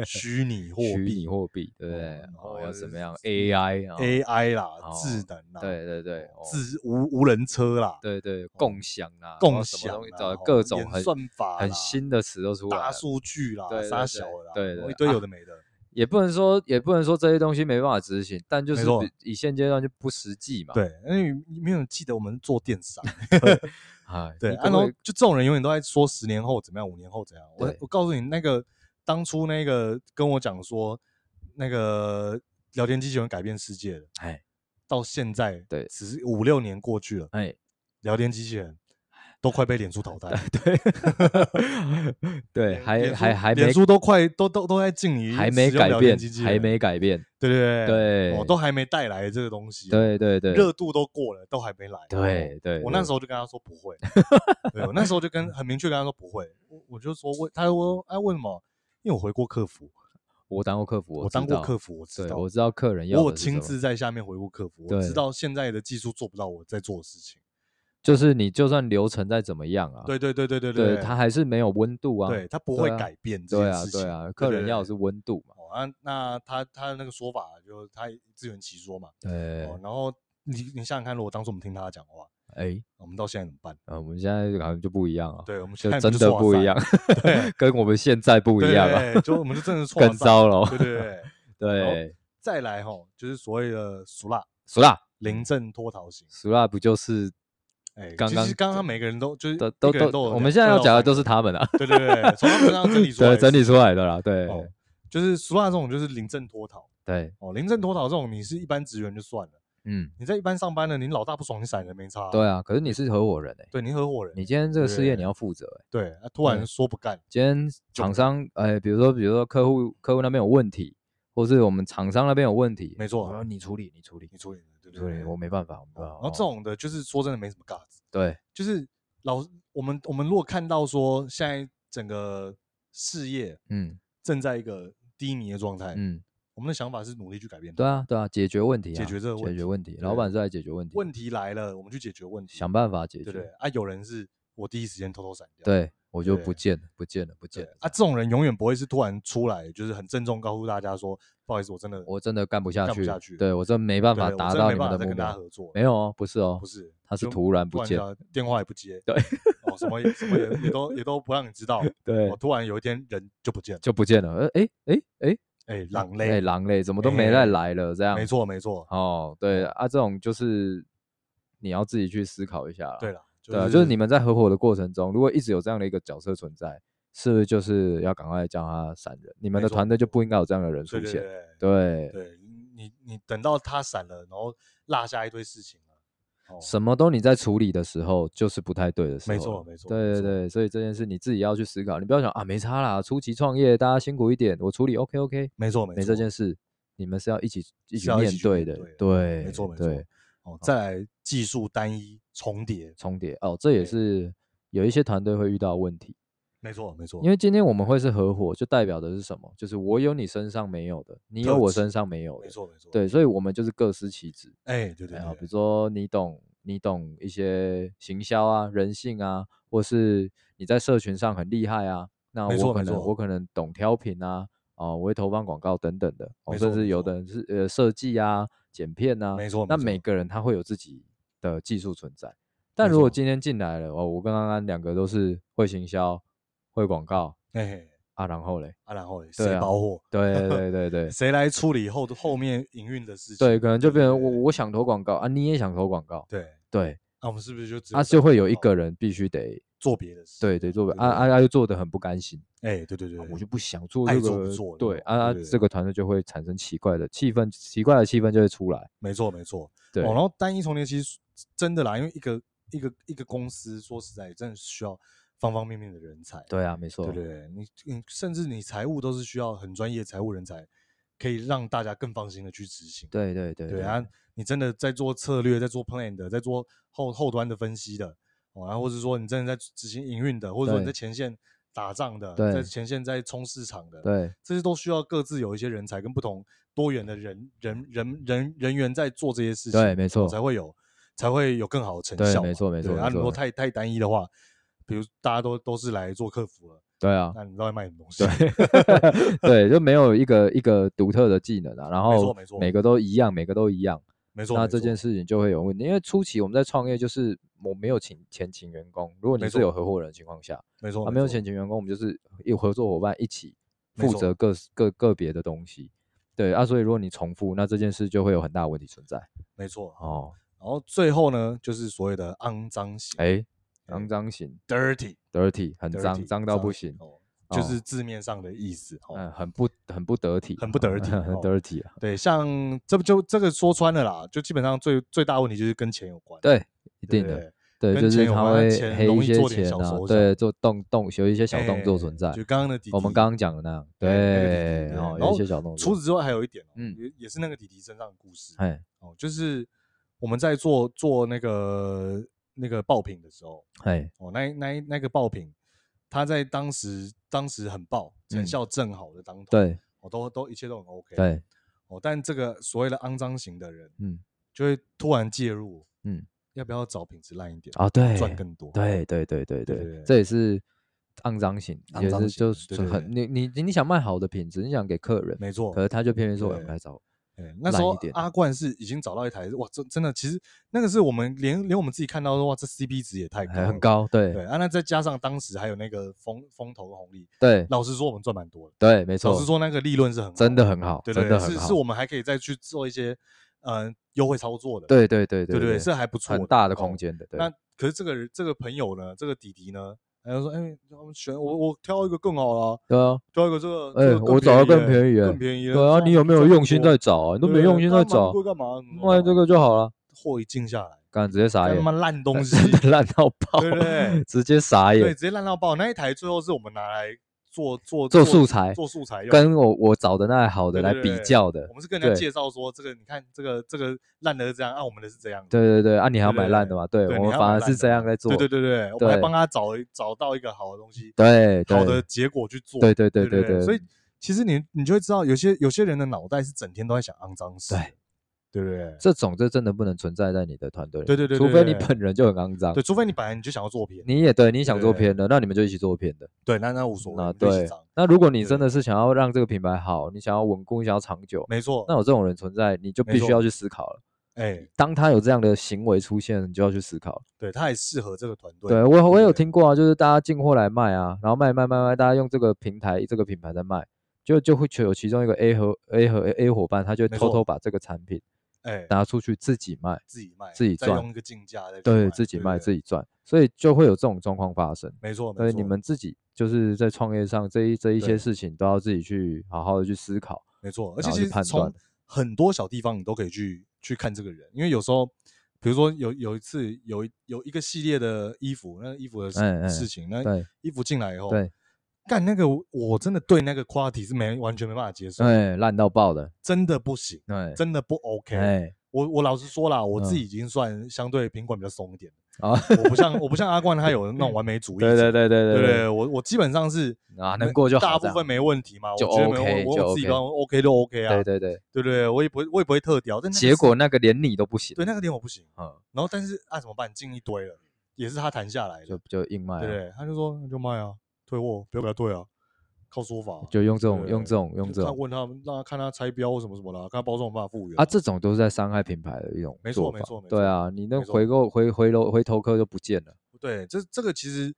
虛
擬貨幣，貨幣 對，對,對、哦哦，要怎麼樣？AI，AI、啊、AI 啦、哦，智能啦，對對對，哦、自無無人車啦，對對，對，共享啊、哦，共享啊，各種很,、哦、算法很新的詞都出來，大數據啦，對，殺小啦對，啦對一堆有的沒的、啊，也不能說，也不能說這些東西沒辦法執行，但就是以現階段就不實際嘛，對，因為沒有人記得我們做電商、 啊，對，按照、啊、就這種
人永遠都在說十年後怎麼樣，五年後怎樣，我我告訴你那個。當初那個跟我講說，那個聊天機器人改變世界了，哎，到現在對，只是五六年過去了，哎，聊天機器人都快被臉書淘汰了，對，對， 對還還還臉書，書都快都都都在近你，還沒改變，還沒改變，對對對我、哦、都還沒帶來這個東西，對對對，熱度都過了，都還沒來，對對，對，我那時候就跟他說不會，對對我那時候就跟 很明確跟他說不會，我我就說問，他說哎為什麼？因為我回過客服，
我當過客服，我，我當過客服，我知道，我知道客人要。我親自
在下面回過客服，我知道現在的技術做不到我在做的事情，
嗯、就是你就算流程再怎麼樣啊，對對對對對對，對他還是沒有溫度啊，對，他不會改變這個事情啊對啊對啊。對啊，客人要的是溫度嘛
對對對、哦，啊，那他他的那個說法就是他自圓其說嘛，
對，對，對、
哦。然後你你想想看，如果當初我們聽他講話。
哎、欸，我們到現在怎麼辦？啊、呃，我們現在好像就不一樣了。對，我們現在真的不一樣。一樣 跟我們現在不一樣了。就我們就真的錯。更糟了。對對對、
對，再來吼，就是所謂的俗辣，俗辣臨陣脫逃型。
俗辣不就是剛剛，哎、欸，剛剛
剛剛每個人都、都就是都都。我們現在要講的都是他們啊。對對對，從他們身上整理
出來 整理出來的啦。對，喔、就是
俗辣這種就是臨陣脫逃。對哦，臨陣脫逃這種你是一般職員就算了。嗯，你在一般上班呢，你老大不爽，你閃人沒差、啊。
對啊，可是你是合夥人誒、欸，對，你合夥人，你今天這個事業你要負責誒、欸。對，突然說不幹、嗯，今天廠商誒、欸，比如說比如說客戶客戶那邊有問題，或是我們廠商那邊有問題，沒錯，然後你處理你處理你處理，對不對，對，對，對，對？我沒辦法我，然後
這種的就是說真的沒什麼尬子對，就是老我們我們如果看到說現在整個事業嗯正在一個低迷的狀態嗯。嗯我們的想法是努力去改變的。對啊，
對啊，解決問題、啊。解決這個問題。解決問題。老闆是在解決問題。
問題來了，我們去解決問題。想辦法解決。對，對，對啊，有人是我第一時間偷偷
閃掉。對，對我就不見了，不見了，不
見了。啊，這種人永遠不會是突然出來，就是很鄭重告訴大家說：“不好意思，我真的，我真的幹不下去，下去了。對」對我真的沒辦法達到你們的目標。沒有哦，
不是哦、嗯，不是，他是突然不見了，
他電話也不接，對，對哦、什麼也什麼也也都也都不讓你知道。 對、哦，突然有一天人就不見了，就
不見了。呃、欸，哎哎哎。欸哎、欸，狼類，哎、欸，狼類，怎麼都沒再來了欸欸？這樣，沒錯，沒錯。哦，對啊，這種就是你要自己去思考一下啦。對了、就是，對，就是你們在合夥的過程中，如果一直有這樣的一個角色存在，是不是就是要趕快叫他閃人？你們的團隊就不應該有這樣的人出現。對、對、對、對、
對，對，你你等到他閃了，然後落下一
堆事情。什麼都你在處理的時候，就是不太對的時候。沒錯，沒錯。對對對，所以這件事你自己要去思考，你不要想啊，沒差啦，初期創業大家辛苦一點，我處理 OK OK 沒。沒錯，沒錯。這件事你們是要一起一起面對的，對，沒錯，嗯，沒錯。哦，再來技術單一重疊重疊哦，這也是有一些團隊會遇到的問題。
沒錯，沒錯。因為今天我
們會是合夥，對對對，就代表的是什麼？就是我有你身上沒有的，你有我身上沒有的。沒錯，沒錯。對，所以我們就是各司其職。哎、欸，對對、對。啊，比如說你懂，你懂一些行銷啊、人性啊，或是你在社群上很厲害啊，那我可能我可能，我可能懂挑品啊，哦、呃，我會投放廣告等等的。沒錯、哦，甚至有的人是呃設計啊、剪片啊，沒錯。那每個人他會有自己的技術存在，但如果今天進來了，我、哦、我跟安安兩個都是會行銷。嗯會廣告，哎、欸，啊，然後嘞，啊，然後誰保護對對對對，誰來處理
後 後面營運的事情？對，
可能就變成對對對我我想投廣告啊，你也想投廣告，對對，那、啊、我們是不是就知道啊，就會有一個人必須得做別的事？對對，對、啊對、對、對啊啊啊啊，做別啊啊，就做得很不甘心。哎、欸，對對對，啊、我就不想做、這個，愛做不做對、對、對、對啊、啊對對對這個團隊就會產生奇怪的氣氛，奇怪的氣氛就會出來。沒錯沒錯，對、哦。然後
單一充電其實真的啦，因為一個一個一個公司，說實在也真的需要。方方面面的人才，
對啊，沒錯，對
不對？你你甚至你財務都是需要很專業的財務人才，可以讓大家更放心的去執行。對對對對，對啊！你真的在做策略，在做 plan 的，在做後後端的分析的，然後、哦、啊、或者說你真的在執行營運的，或者說你在前線打仗的，在前線在衝市場的，對，這些都需要各自有一些人才跟不同多元的人人人人人，人員在做這些事情，對，沒錯，哦、才會有才會有更好的成效。對，沒錯沒錯，沒錯啊，你如果太太單一的話。比如大家都都是來做客服了，對啊，那你都底賣什麼東西？對，
對就沒有一個一個獨特的技能啊。然後每，每個都一樣，每個都一樣，沒錯。那這件事情就會有問題，因為初期我們在創業，就是我沒有請全勤員工。如果你是有合夥的人的情況下，沒錯，啊，沒,沒有全勤員工，我們就是有合作夥伴一起負責各各個別的東西。對啊，所以如果你重複，那這件事就會有很大的問題存在。沒錯，哦，然
後最後呢，就是所謂的骯髒性。欸骯髒型，dirty，dirty，Dirty，很髒，髒到不行，哦哦，就是字面上的意思，哦。嗯，
很不，很不得體，很不得體，哦哦嗯，很得體，哦。
對，像這不就這個說穿了啦？就基本上最最大問題就是跟錢有
關。對，對一定的對，對，跟錢有關，就是，他會黑一些錢啊，對，做動動有一些小動作存在。欸，就剛、是、剛的弟弟，我們剛剛講的那樣，樣。對，然後有一些小動作。除此之外，還有一
點、啊，嗯，也也是那個弟弟身上的故事。哎，哦，就是我們在做做那個。那個爆品的時候，哎，我、哦、那那那個爆品，它在當時當時很爆，成效正好的當頭、嗯，對，我、哦、都都一切都很 OK，對，哦，但這個所謂的骯髒型的人，嗯，就會突然介入，嗯，要不要找品質爛一點啊？對，賺更
多，對對對對對,對，這也是骯髒型，也是就是很，很你你你想賣好的品質，你想給客人沒錯，可是他就偏偏說我要來找。對對對對欸、那時候
阿冠是已經找到一台，哇，真真的，其實那個是我們連連我們自己看到的話，這 CP 值也太高，很高，對對、啊，那再加上當時還有那個風風投紅利，對，老實說我們賺蠻多的，對，沒錯，老實說那個利潤是很好的，真的很好，對對，對，是是我們還可以再去做一些嗯、呃、優惠操作的，對對對對對，這還不錯，很大的空間的，對對，對。那可是這個這個朋友呢，這個弟弟呢？然、哎、後說：“哎、欸，們選我，我挑一個更好了。”對啊，挑一個這個，哎、這個欸，我找的更便宜，更便宜，對更便宜。對啊，你有沒有用心在找啊？你都沒用心在找，貴幹
嘛？買這個就好了。
貨一進下來，
幹，直接傻眼，他媽爛東西，爛、啊、到爆對對對，直接傻眼，對，直接
爛到爆。那一台最後是我們拿來，做做做素材，做素材，跟
我我找的那好的來比較的對對對對。我們是跟人家
介紹說，這個你看，這個這個爛的是這樣，按、啊、我們的是這
樣。對對對，啊你對對對對對，你還要買爛的嘛？對我們反而是這樣在做。對對對對，我們還幫
他找對對對找，找到一個好的東西，對，對，對好的結果去做。對對對對對。對對對對對所以其實你你就會知道，有些有些人的腦袋是整天都在想骯髒事的。對。
對不對,對,對？這種這真的不能存在在你的團隊。對對對,對對對，除非你本人就很骯髒。對，除非你本來你就想要做偏，你也對，你想做偏的對對對對，那你們就一起做偏的,的。對，那那無所謂。對。那如果你真的是想要讓這個品牌好，對對對對你想要穩固，想要長久，沒錯。那有這種人存在，你就必須要去思考了。哎、欸，當他有這樣的行為出現，你就要去思考。對，他也適合這個團隊。對我我有聽過啊，就是大家進貨來賣啊，然後賣一賣一賣一賣,一賣，大家用這個平台、這個品牌在賣，就就會有其中一個 A 和 A 和 A, A 伙伴，他就會偷偷把這個產品。哎、欸，拿出去自己賣，自己賣，自己賺，對，對，對，對自己賣，自己賺，所以就會有這種狀況發生。沒錯，所以你們自己就是在創業上這一這一些事情都要自己去好好的去思考。沒錯，而且其實從
很多小地方你都可以去去看這個人，因為有時候，比如說有有一次有有一個系列的衣服，那個、衣服的事事情，欸欸那個、衣服進來以後。對幹那個，我真的對那個 quality 是沒完全沒辦法接受，對
爛到爆的，真的不行，對，真的不 OK，啊、
我我老實說啦，我自己已經算相對蘋果比較鬆一點啊，哦、
我不
像我不像阿冠，他有那種完美主義，對對對對對、對、對、對、對、對，我我基本上是啊，能過就好，大部分沒問題嘛，OK, 我覺得沒問題、OK、我自己一般 OK 都 OK 啊，對對對對、對、對、對，我也不會我也不會特挑，但結果那個連你都不行，對，那個連我不行，嗯、然後但是啊怎麼辦？進一堆了，也是他談下來的，
就就硬賣、啊，對、對、對，
他就說就賣啊。退貨不要給他退啊，靠說法、啊，就用這種用這種用這種，他問他們讓他看他拆標什麼什麼的，看他包裝有辦法復原啊，啊，這
種都是在傷害品牌的一種做法。沒錯沒錯，對啊，你那回購回回頭回，回頭客就不見
了。對，這這個其實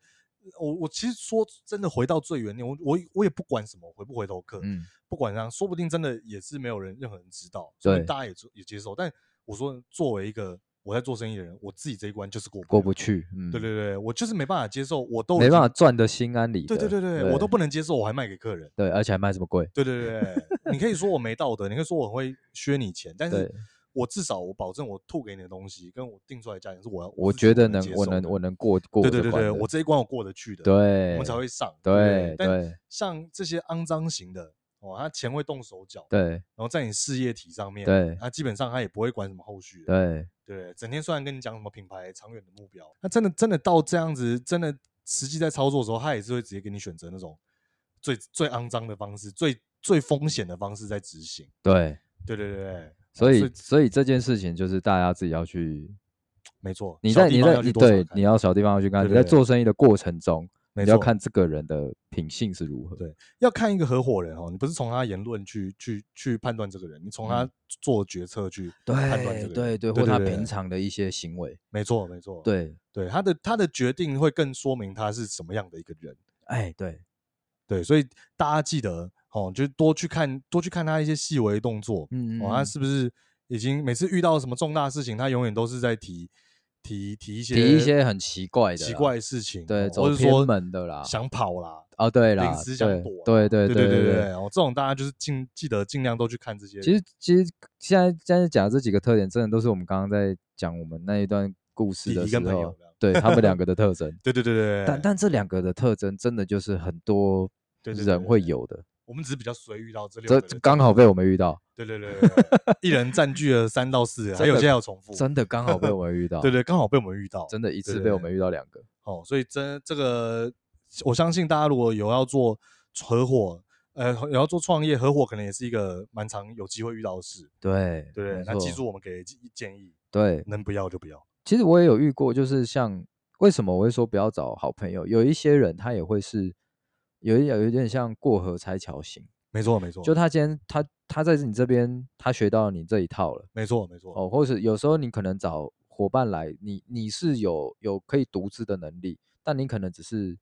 我我其實說真的，回到最原點，我我我也不管什麼回不回頭客，嗯，不管這樣，說不定真的也是沒有人任何人知道，所以大家也也接受。但我說作為一個。我在做生意的人，我自己這一關就是過不過不去，嗯。對對對，我就是沒辦法接受，我都沒辦法賺得心安理得。對對對，對，對，我都不能接受，我還賣給客人。
對，而且還賣這麼貴？
對對對， 你可以說我沒道德，你可以說我會削你錢，但是我至少我保證我吐給你的東西跟我定出來的價錢是我要，我覺得能，我能，我能過過。對對對，對，我這一關我過得去的。對，我才會上。對，對對，但像這些骯髒型的。他錢會動手腳，對，然後在你事業體上面，對，他基本上他也不會管什麼後續，對，對，整天雖然跟你講什麼品牌長遠的目標，那真的真的到這樣子，真的實際在操作的時候，他也是會直接給你選擇那種最最骯髒的方式，最最風險的方式在執行，對，對對對對，所以，所以，所以，
所以這件事情就是大家自己要去，沒錯，你在小地方要去你在，你在對，你要小地方要去幹，你在做生意的過程中。要看這個人的品性是如何。對，
要看一個合夥人哦，你不是從他言論去去去判斷這個人，你從他做決策去判斷這個人，對對對，或他平常
的一些行為。沒錯，沒錯。對
對，他的他的決定會更說明他是什麼樣的一個人。哎，對對，所以大家記得哦，就多去看多去看他一些細微動作，
嗯嗯，哦，他是
不是已經每次遇到什麼重大事情，他永遠都是在提。提提一些，提一些很奇怪的奇
怪的事情，喔，對，走偏門
的啦，想跑啦，
啊，對啦，臨時想躲，對，對對對對對哦、喔，這
種大家就是盡記得盡量都去看這些。其
實其實現在現在講的這幾個特點，真的都是我們剛剛在講我們那一段故事的時候，朋友對他們兩個的特徵， 對，對，對對對對。但但這兩個的特徵，真的就是很多人會有的。對對對對對對。我們只是比較隨遇到這六個這，這剛好被我們遇到， 對,
對,對對對， 一人占據了三到四， 還有些要有重複，真的剛好被我們遇到， 對,對對，剛好被我們遇到，真的一次被我們遇到兩個，好、哦，所以真這,這個我相信大家如果有要做合夥，呃，有要做創業合夥，可能也是一個蠻常有機會遇到的事，對對，那記住我們給建議，
對，能不要就不要。其實我也有遇過，就是像為什麼我會說不要找好朋友，有一些人他也會是。有一，有一點像過河拆橋型，沒錯沒錯。就他今天他他在你這邊，他學到了你這一套了，沒錯沒錯。哦，或是有時候你可能找夥伴來，你你是有有可以獨資的能力，但你可能只是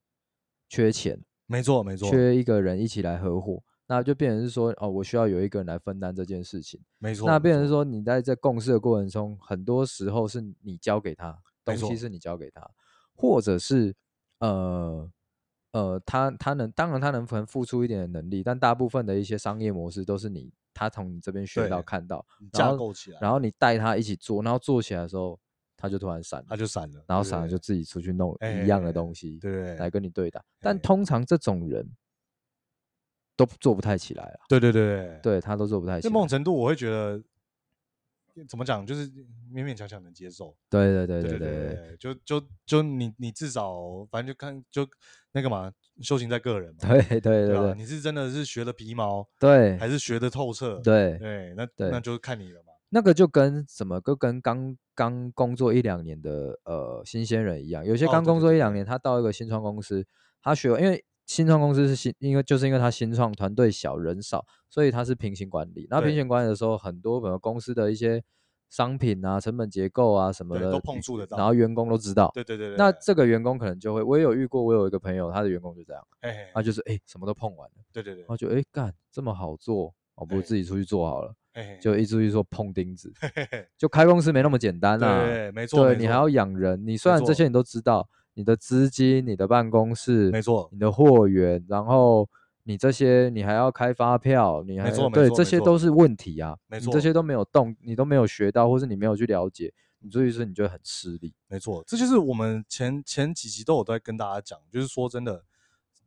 缺錢，沒錯沒錯。缺一個人一起來合夥，那就變成是說哦，我需要有一個人來分擔這件事情，沒錯。那變成是說你在這共事的過程中，很多時候是你交給他東西是你交給他，或者是呃。呃，他他能，當然他能能付出一點的能力，但大部分的一些商業模式都是你他從你這邊學到看到，然後然後你帶他一起做，然後做起來的時候，他就突然閃，他就閃了，然後閃了就自己出去弄一樣的東西，對，來跟你對打。但通常這種人都做不太起來了，對對對對，對他都做不太。起來，對對對對起來。這
夢程度我會覺得怎麼講，就是勉勉強強能接受。對對對
對對對，對對對對對
就就就你你至少反正就看就。那個嘛，修行在個人嘛？對對對，對，對，你是真的是學的皮毛，對，還是學的透徹？對對，那對那就是看你
了嘛。那個就跟什麼，就跟剛剛工作一兩年的呃新鮮人一樣。有些剛工作一兩年，哦，他到一個新創公司對對對對，他學，因為新創公司是新，因為就是因為他新創團隊小，人少，所以他是平行管理。然後平行管理的時候，很多公司的一些。商品啊，成本結構啊，什麼的都碰觸得到，欸，然後員工都知道。對對對，對，對那這個員工可能就會，我也有遇過，我有一個朋友，他的員工就這樣，他、欸啊、就是哎、欸、什麼都碰完了，對對對，他、啊、就哎幹、欸、這麼好做，我不如自己出去做好了，就一出去做碰釘子，欸，就開公司沒那麼簡單啦、啊、對，對，對，對，你還要養人，你雖然這些你都知道，你的資金、你的辦公室，沒錯你的貨源，然後。你這些，你還要開發票，你還，沒錯，對，沒錯，這些都是問題啊，沒錯。你這些都沒有動，你都沒有學到，或是你沒有去了解，你所以說你就很吃力。沒錯，這就是
我們前前幾集都有在跟大家講，就是說真的，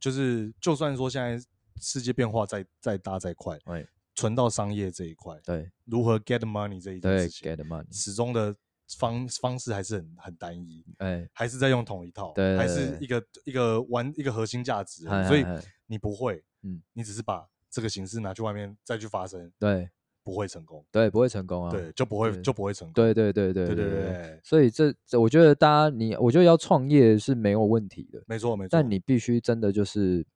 就是就算說現在世界變化再再大再快、嗯，存到商業這一塊，對，如何 get money 這一件事情 get money，始終的。方方式還是很很單一、欸，還是在用同一套，對對對，還是一個一個玩一個核心價值，嘿嘿嘿，所以你不會、嗯，你只是把這個形式拿去外面再去發
生，對，不會成功，對，不會成功啊，對，就不會就不會成功，對對對對對對對，對對對對對，所以這這我覺得大家你，我覺得要創業是沒有問題的，沒錯沒錯，但你必須真的就是。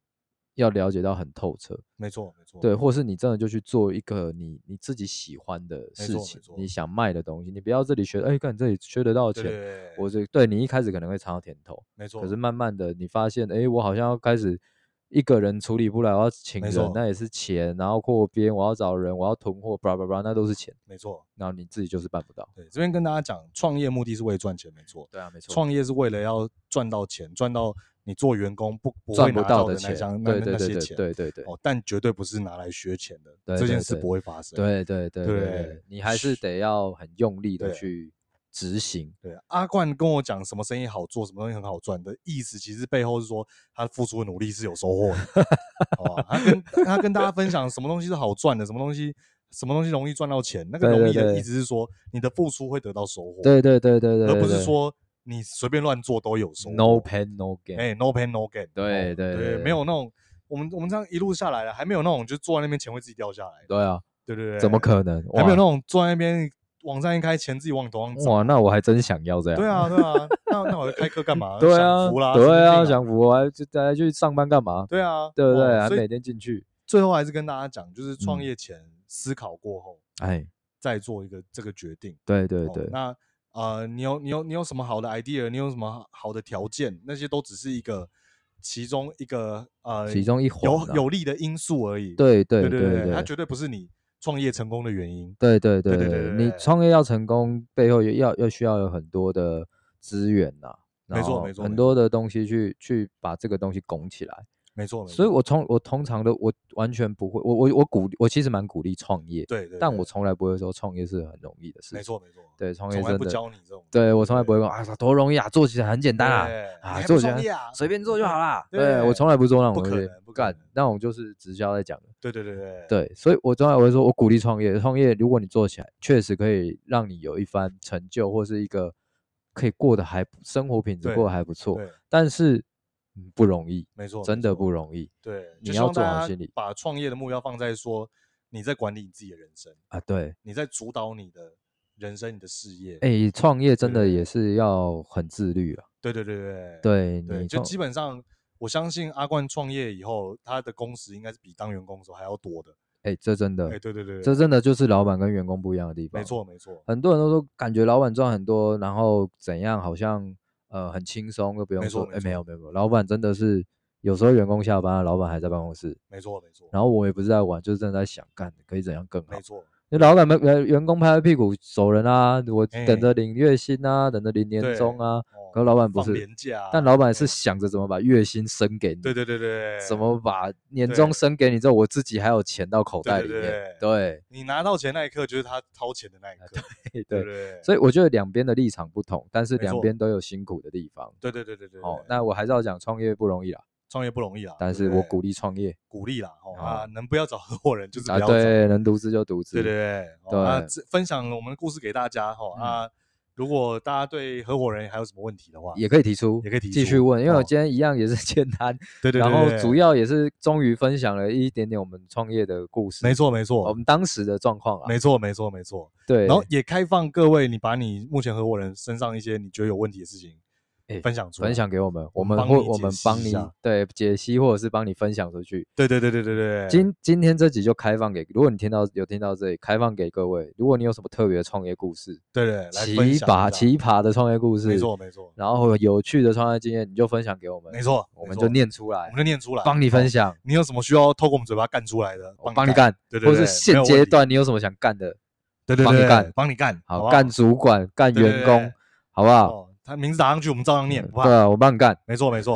要了解到很透徹，沒錯，沒錯，對，或是你真的就去做一個你你自己喜歡的事情，你想賣的東西，你不要這裡學，哎、欸，看這裡學得到錢，對對對，我這對你一開始可能會嚐到甜頭，沒錯，可是慢慢的你發現，哎、欸，我好像要開始一個人處理不來，我要請人，那也是錢，然後擴編，我要找人，我要囤貨，巴拉巴拉，那都是錢，沒錯，然後你自己就是辦不到。
對，這邊跟大家講，創業目的是為賺錢，沒錯，對啊，沒錯，創業是為了要賺到錢，賺到。你做員工不
賺不，不會拿到的錢，的那些錢，對對對對、哦、
但絕對不是拿來削錢的對對對對，這件事不會發生對對對對對對對對。對對對對，你還是
得要很用力的去執行對。對，
阿冠跟我講什麼生意好做，什麼東西很好賺的意思，其實背後是說他付出的努力是有收穫的。哦， 他跟他跟大家分享什麼東西是好賺的，什麼東西什麼東西容易賺到錢，那個容易的意思是說對對對對你的付出會得到收穫。對對對，對對對對對，而不是說。你隨便亂做都有說 no pain no gain，哎、欸、，no pain no gain，對
對對,對,、哦、對，沒
有那種，我們我們這樣一路下來了，還沒有那種，就坐在那邊錢會自己掉下來，對啊，對對對，怎麼可能？還沒有那種坐在那邊網站一開錢自己往頭上走哇，
那我還真想要這樣，對啊
對啊，那那我在開課幹嘛 對、啊啊？對啊，
享福啦，對啊，享福，還就大家去上班幹嘛？對啊，對不對,對？哦、所以每天進去，
最後還是跟大家講，就是創業前思考過後，哎、嗯，再做一個這個決定，哎、對對對、哦，那。啊、呃，你有你有你有什麼好的 idea？你有什麼好，好的條件？那些都只是一個其中一個呃，其中一環有、有利的因素而已。對對對對，對，它絕對不是你創業成功的原因。對對對對，對，對，對，對，對，對，你
創業要成功，背後要要，要需要有很多的資源吶，沒錯沒錯，很多的東西去去把這個東西拱起來。沒錯，所以我通我通常都我完全不會，我我我鼓、嗯、我其實蠻鼓勵創業，對，對，對，但我從來不會說創業是很容易的事。沒錯沒錯，對，創業真的，教你這種對，對，對，對，我從來不會說啊多容易啊，做起來很簡單啊，對對對，啊做起來隨便做就好啦。對，對，對，對，我從來不做那種東西，不可能不幹，那種就是直銷在講的。對對對對，對，所以我從來不會說，我鼓勵創業，創業如果你做起來，確實可以讓你有一番成就，或是一個可以過得還生活品質過得還不錯，但是。不容易，沒錯，真的不容易。對，你要做好心理，
把創業的目標放在說你在管理你自己的人生啊，對，你在主導你的人生，你的事業。哎、
欸，創業真的也是要很自律了。對對對對對,對,對,對，對對你就基
本上我相信阿冠創業以後，他的工時應該是比當員工的時候還要多的。
哎、欸，這真的，欸、對,對對對，這真的就是老闆跟員工不一樣的地方。沒錯沒錯，很多人都說感覺老闆賺很多，然後怎樣好像。呃，很輕鬆，又不用說，哎、欸，沒有沒有沒有，老闆真的是有時候員工下班了，老闆還在辦公室，沒錯沒錯。然後我也不是在玩，就是正在想幹，可以怎樣更好，沒錯。那老闆們，員工拍拍屁股走人啊！我等着領月薪啊，欸、等着領年終啊。可老闆不是，但老闆是想着怎麼把月薪升給你，對對對對，怎麼把年終升給你之後，我自己還有錢到口袋裡面。對，對，對，對，對，
你拿到錢那一刻就是他掏錢的那一刻。對對對。對對對，所以我
覺得兩邊的立場不同，但是兩邊都有辛苦的地方。嗯、對，對，對對對對對。哦、喔，那我還是要講創業不容易啦。創業不容易啊，但是我鼓勵創業，對對
鼓勵啦、哦嗯，啊，能不要找合夥人就是要啊，對，能獨資就獨資，對對對，啊、哦，分享我們的故事給大家哈、哦嗯、啊，如果大家對合夥人還有什麼問題的話，嗯、也可以提出，也可以提出繼續
問，因為我今天一樣也是簽、哦、單，對對，對，對，對，對，對，然後主要也是終於分享了一點點我們創業的故事，沒錯沒錯，我們
當時的狀況啊，沒錯沒錯沒錯，沒錯，對，然後也開放各位，你把你目前合夥人身
上一些你覺得有問題的事情。誒，分享出來，分享給我們，我們會我們幫你對解析，或者是幫你分享出去。對對對對對對，對，對。今今天這集就開放給，如果你聽到有聽到這裡，開放給各位。如果你有什麼特別的創業故事，對對，奇葩奇葩的創業故事，沒錯沒錯。然後有趣的創業經驗你，經驗你就分享給我們，沒錯，我們就念出來，我們就
念出來，幫你分享、哦。你有什麼需要透過我們嘴巴幹出來的，幫、哦、幫你幹，你幹對，對對。或者是現階段有你
有什麼想幹的？對對，對對，幫你幹，幫你幹，好，幹主管，幹員工，好不好？
他名字打上去，我們照樣念，不怕，嗯、對啊，我
幫你幹。沒錯，沒錯。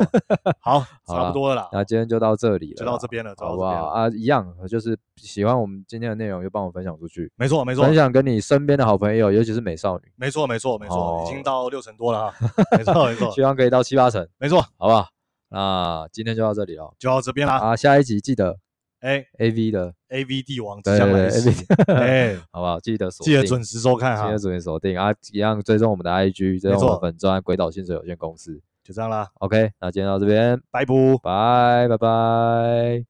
好， 差不多了啦。那今天就到這裡了，就到這邊了、了，好不好？啊，一樣，就是喜歡我們今天的內容，就幫我分享出去。沒錯，沒錯。分享跟你身邊的好朋友，尤其是美少女。沒錯，沒錯，沒錯、哦。已經到六成多了哈、啊。 沒錯，沒錯。希望可以到七八成。沒錯，好不好？那今天就到這裡了，就到這邊了。啊，下一集記得。A、欸、A V 的
A V 帝王，對對對，哎、 欸，
好不好？記得鎖定，記得準時收看哈，記得準時鎖定啊，一樣，追蹤我們的 I G，追蹤我們本專鬼島薪水有限公司，就這樣啦，OK，那今天到這邊，拜拜，拜不拜。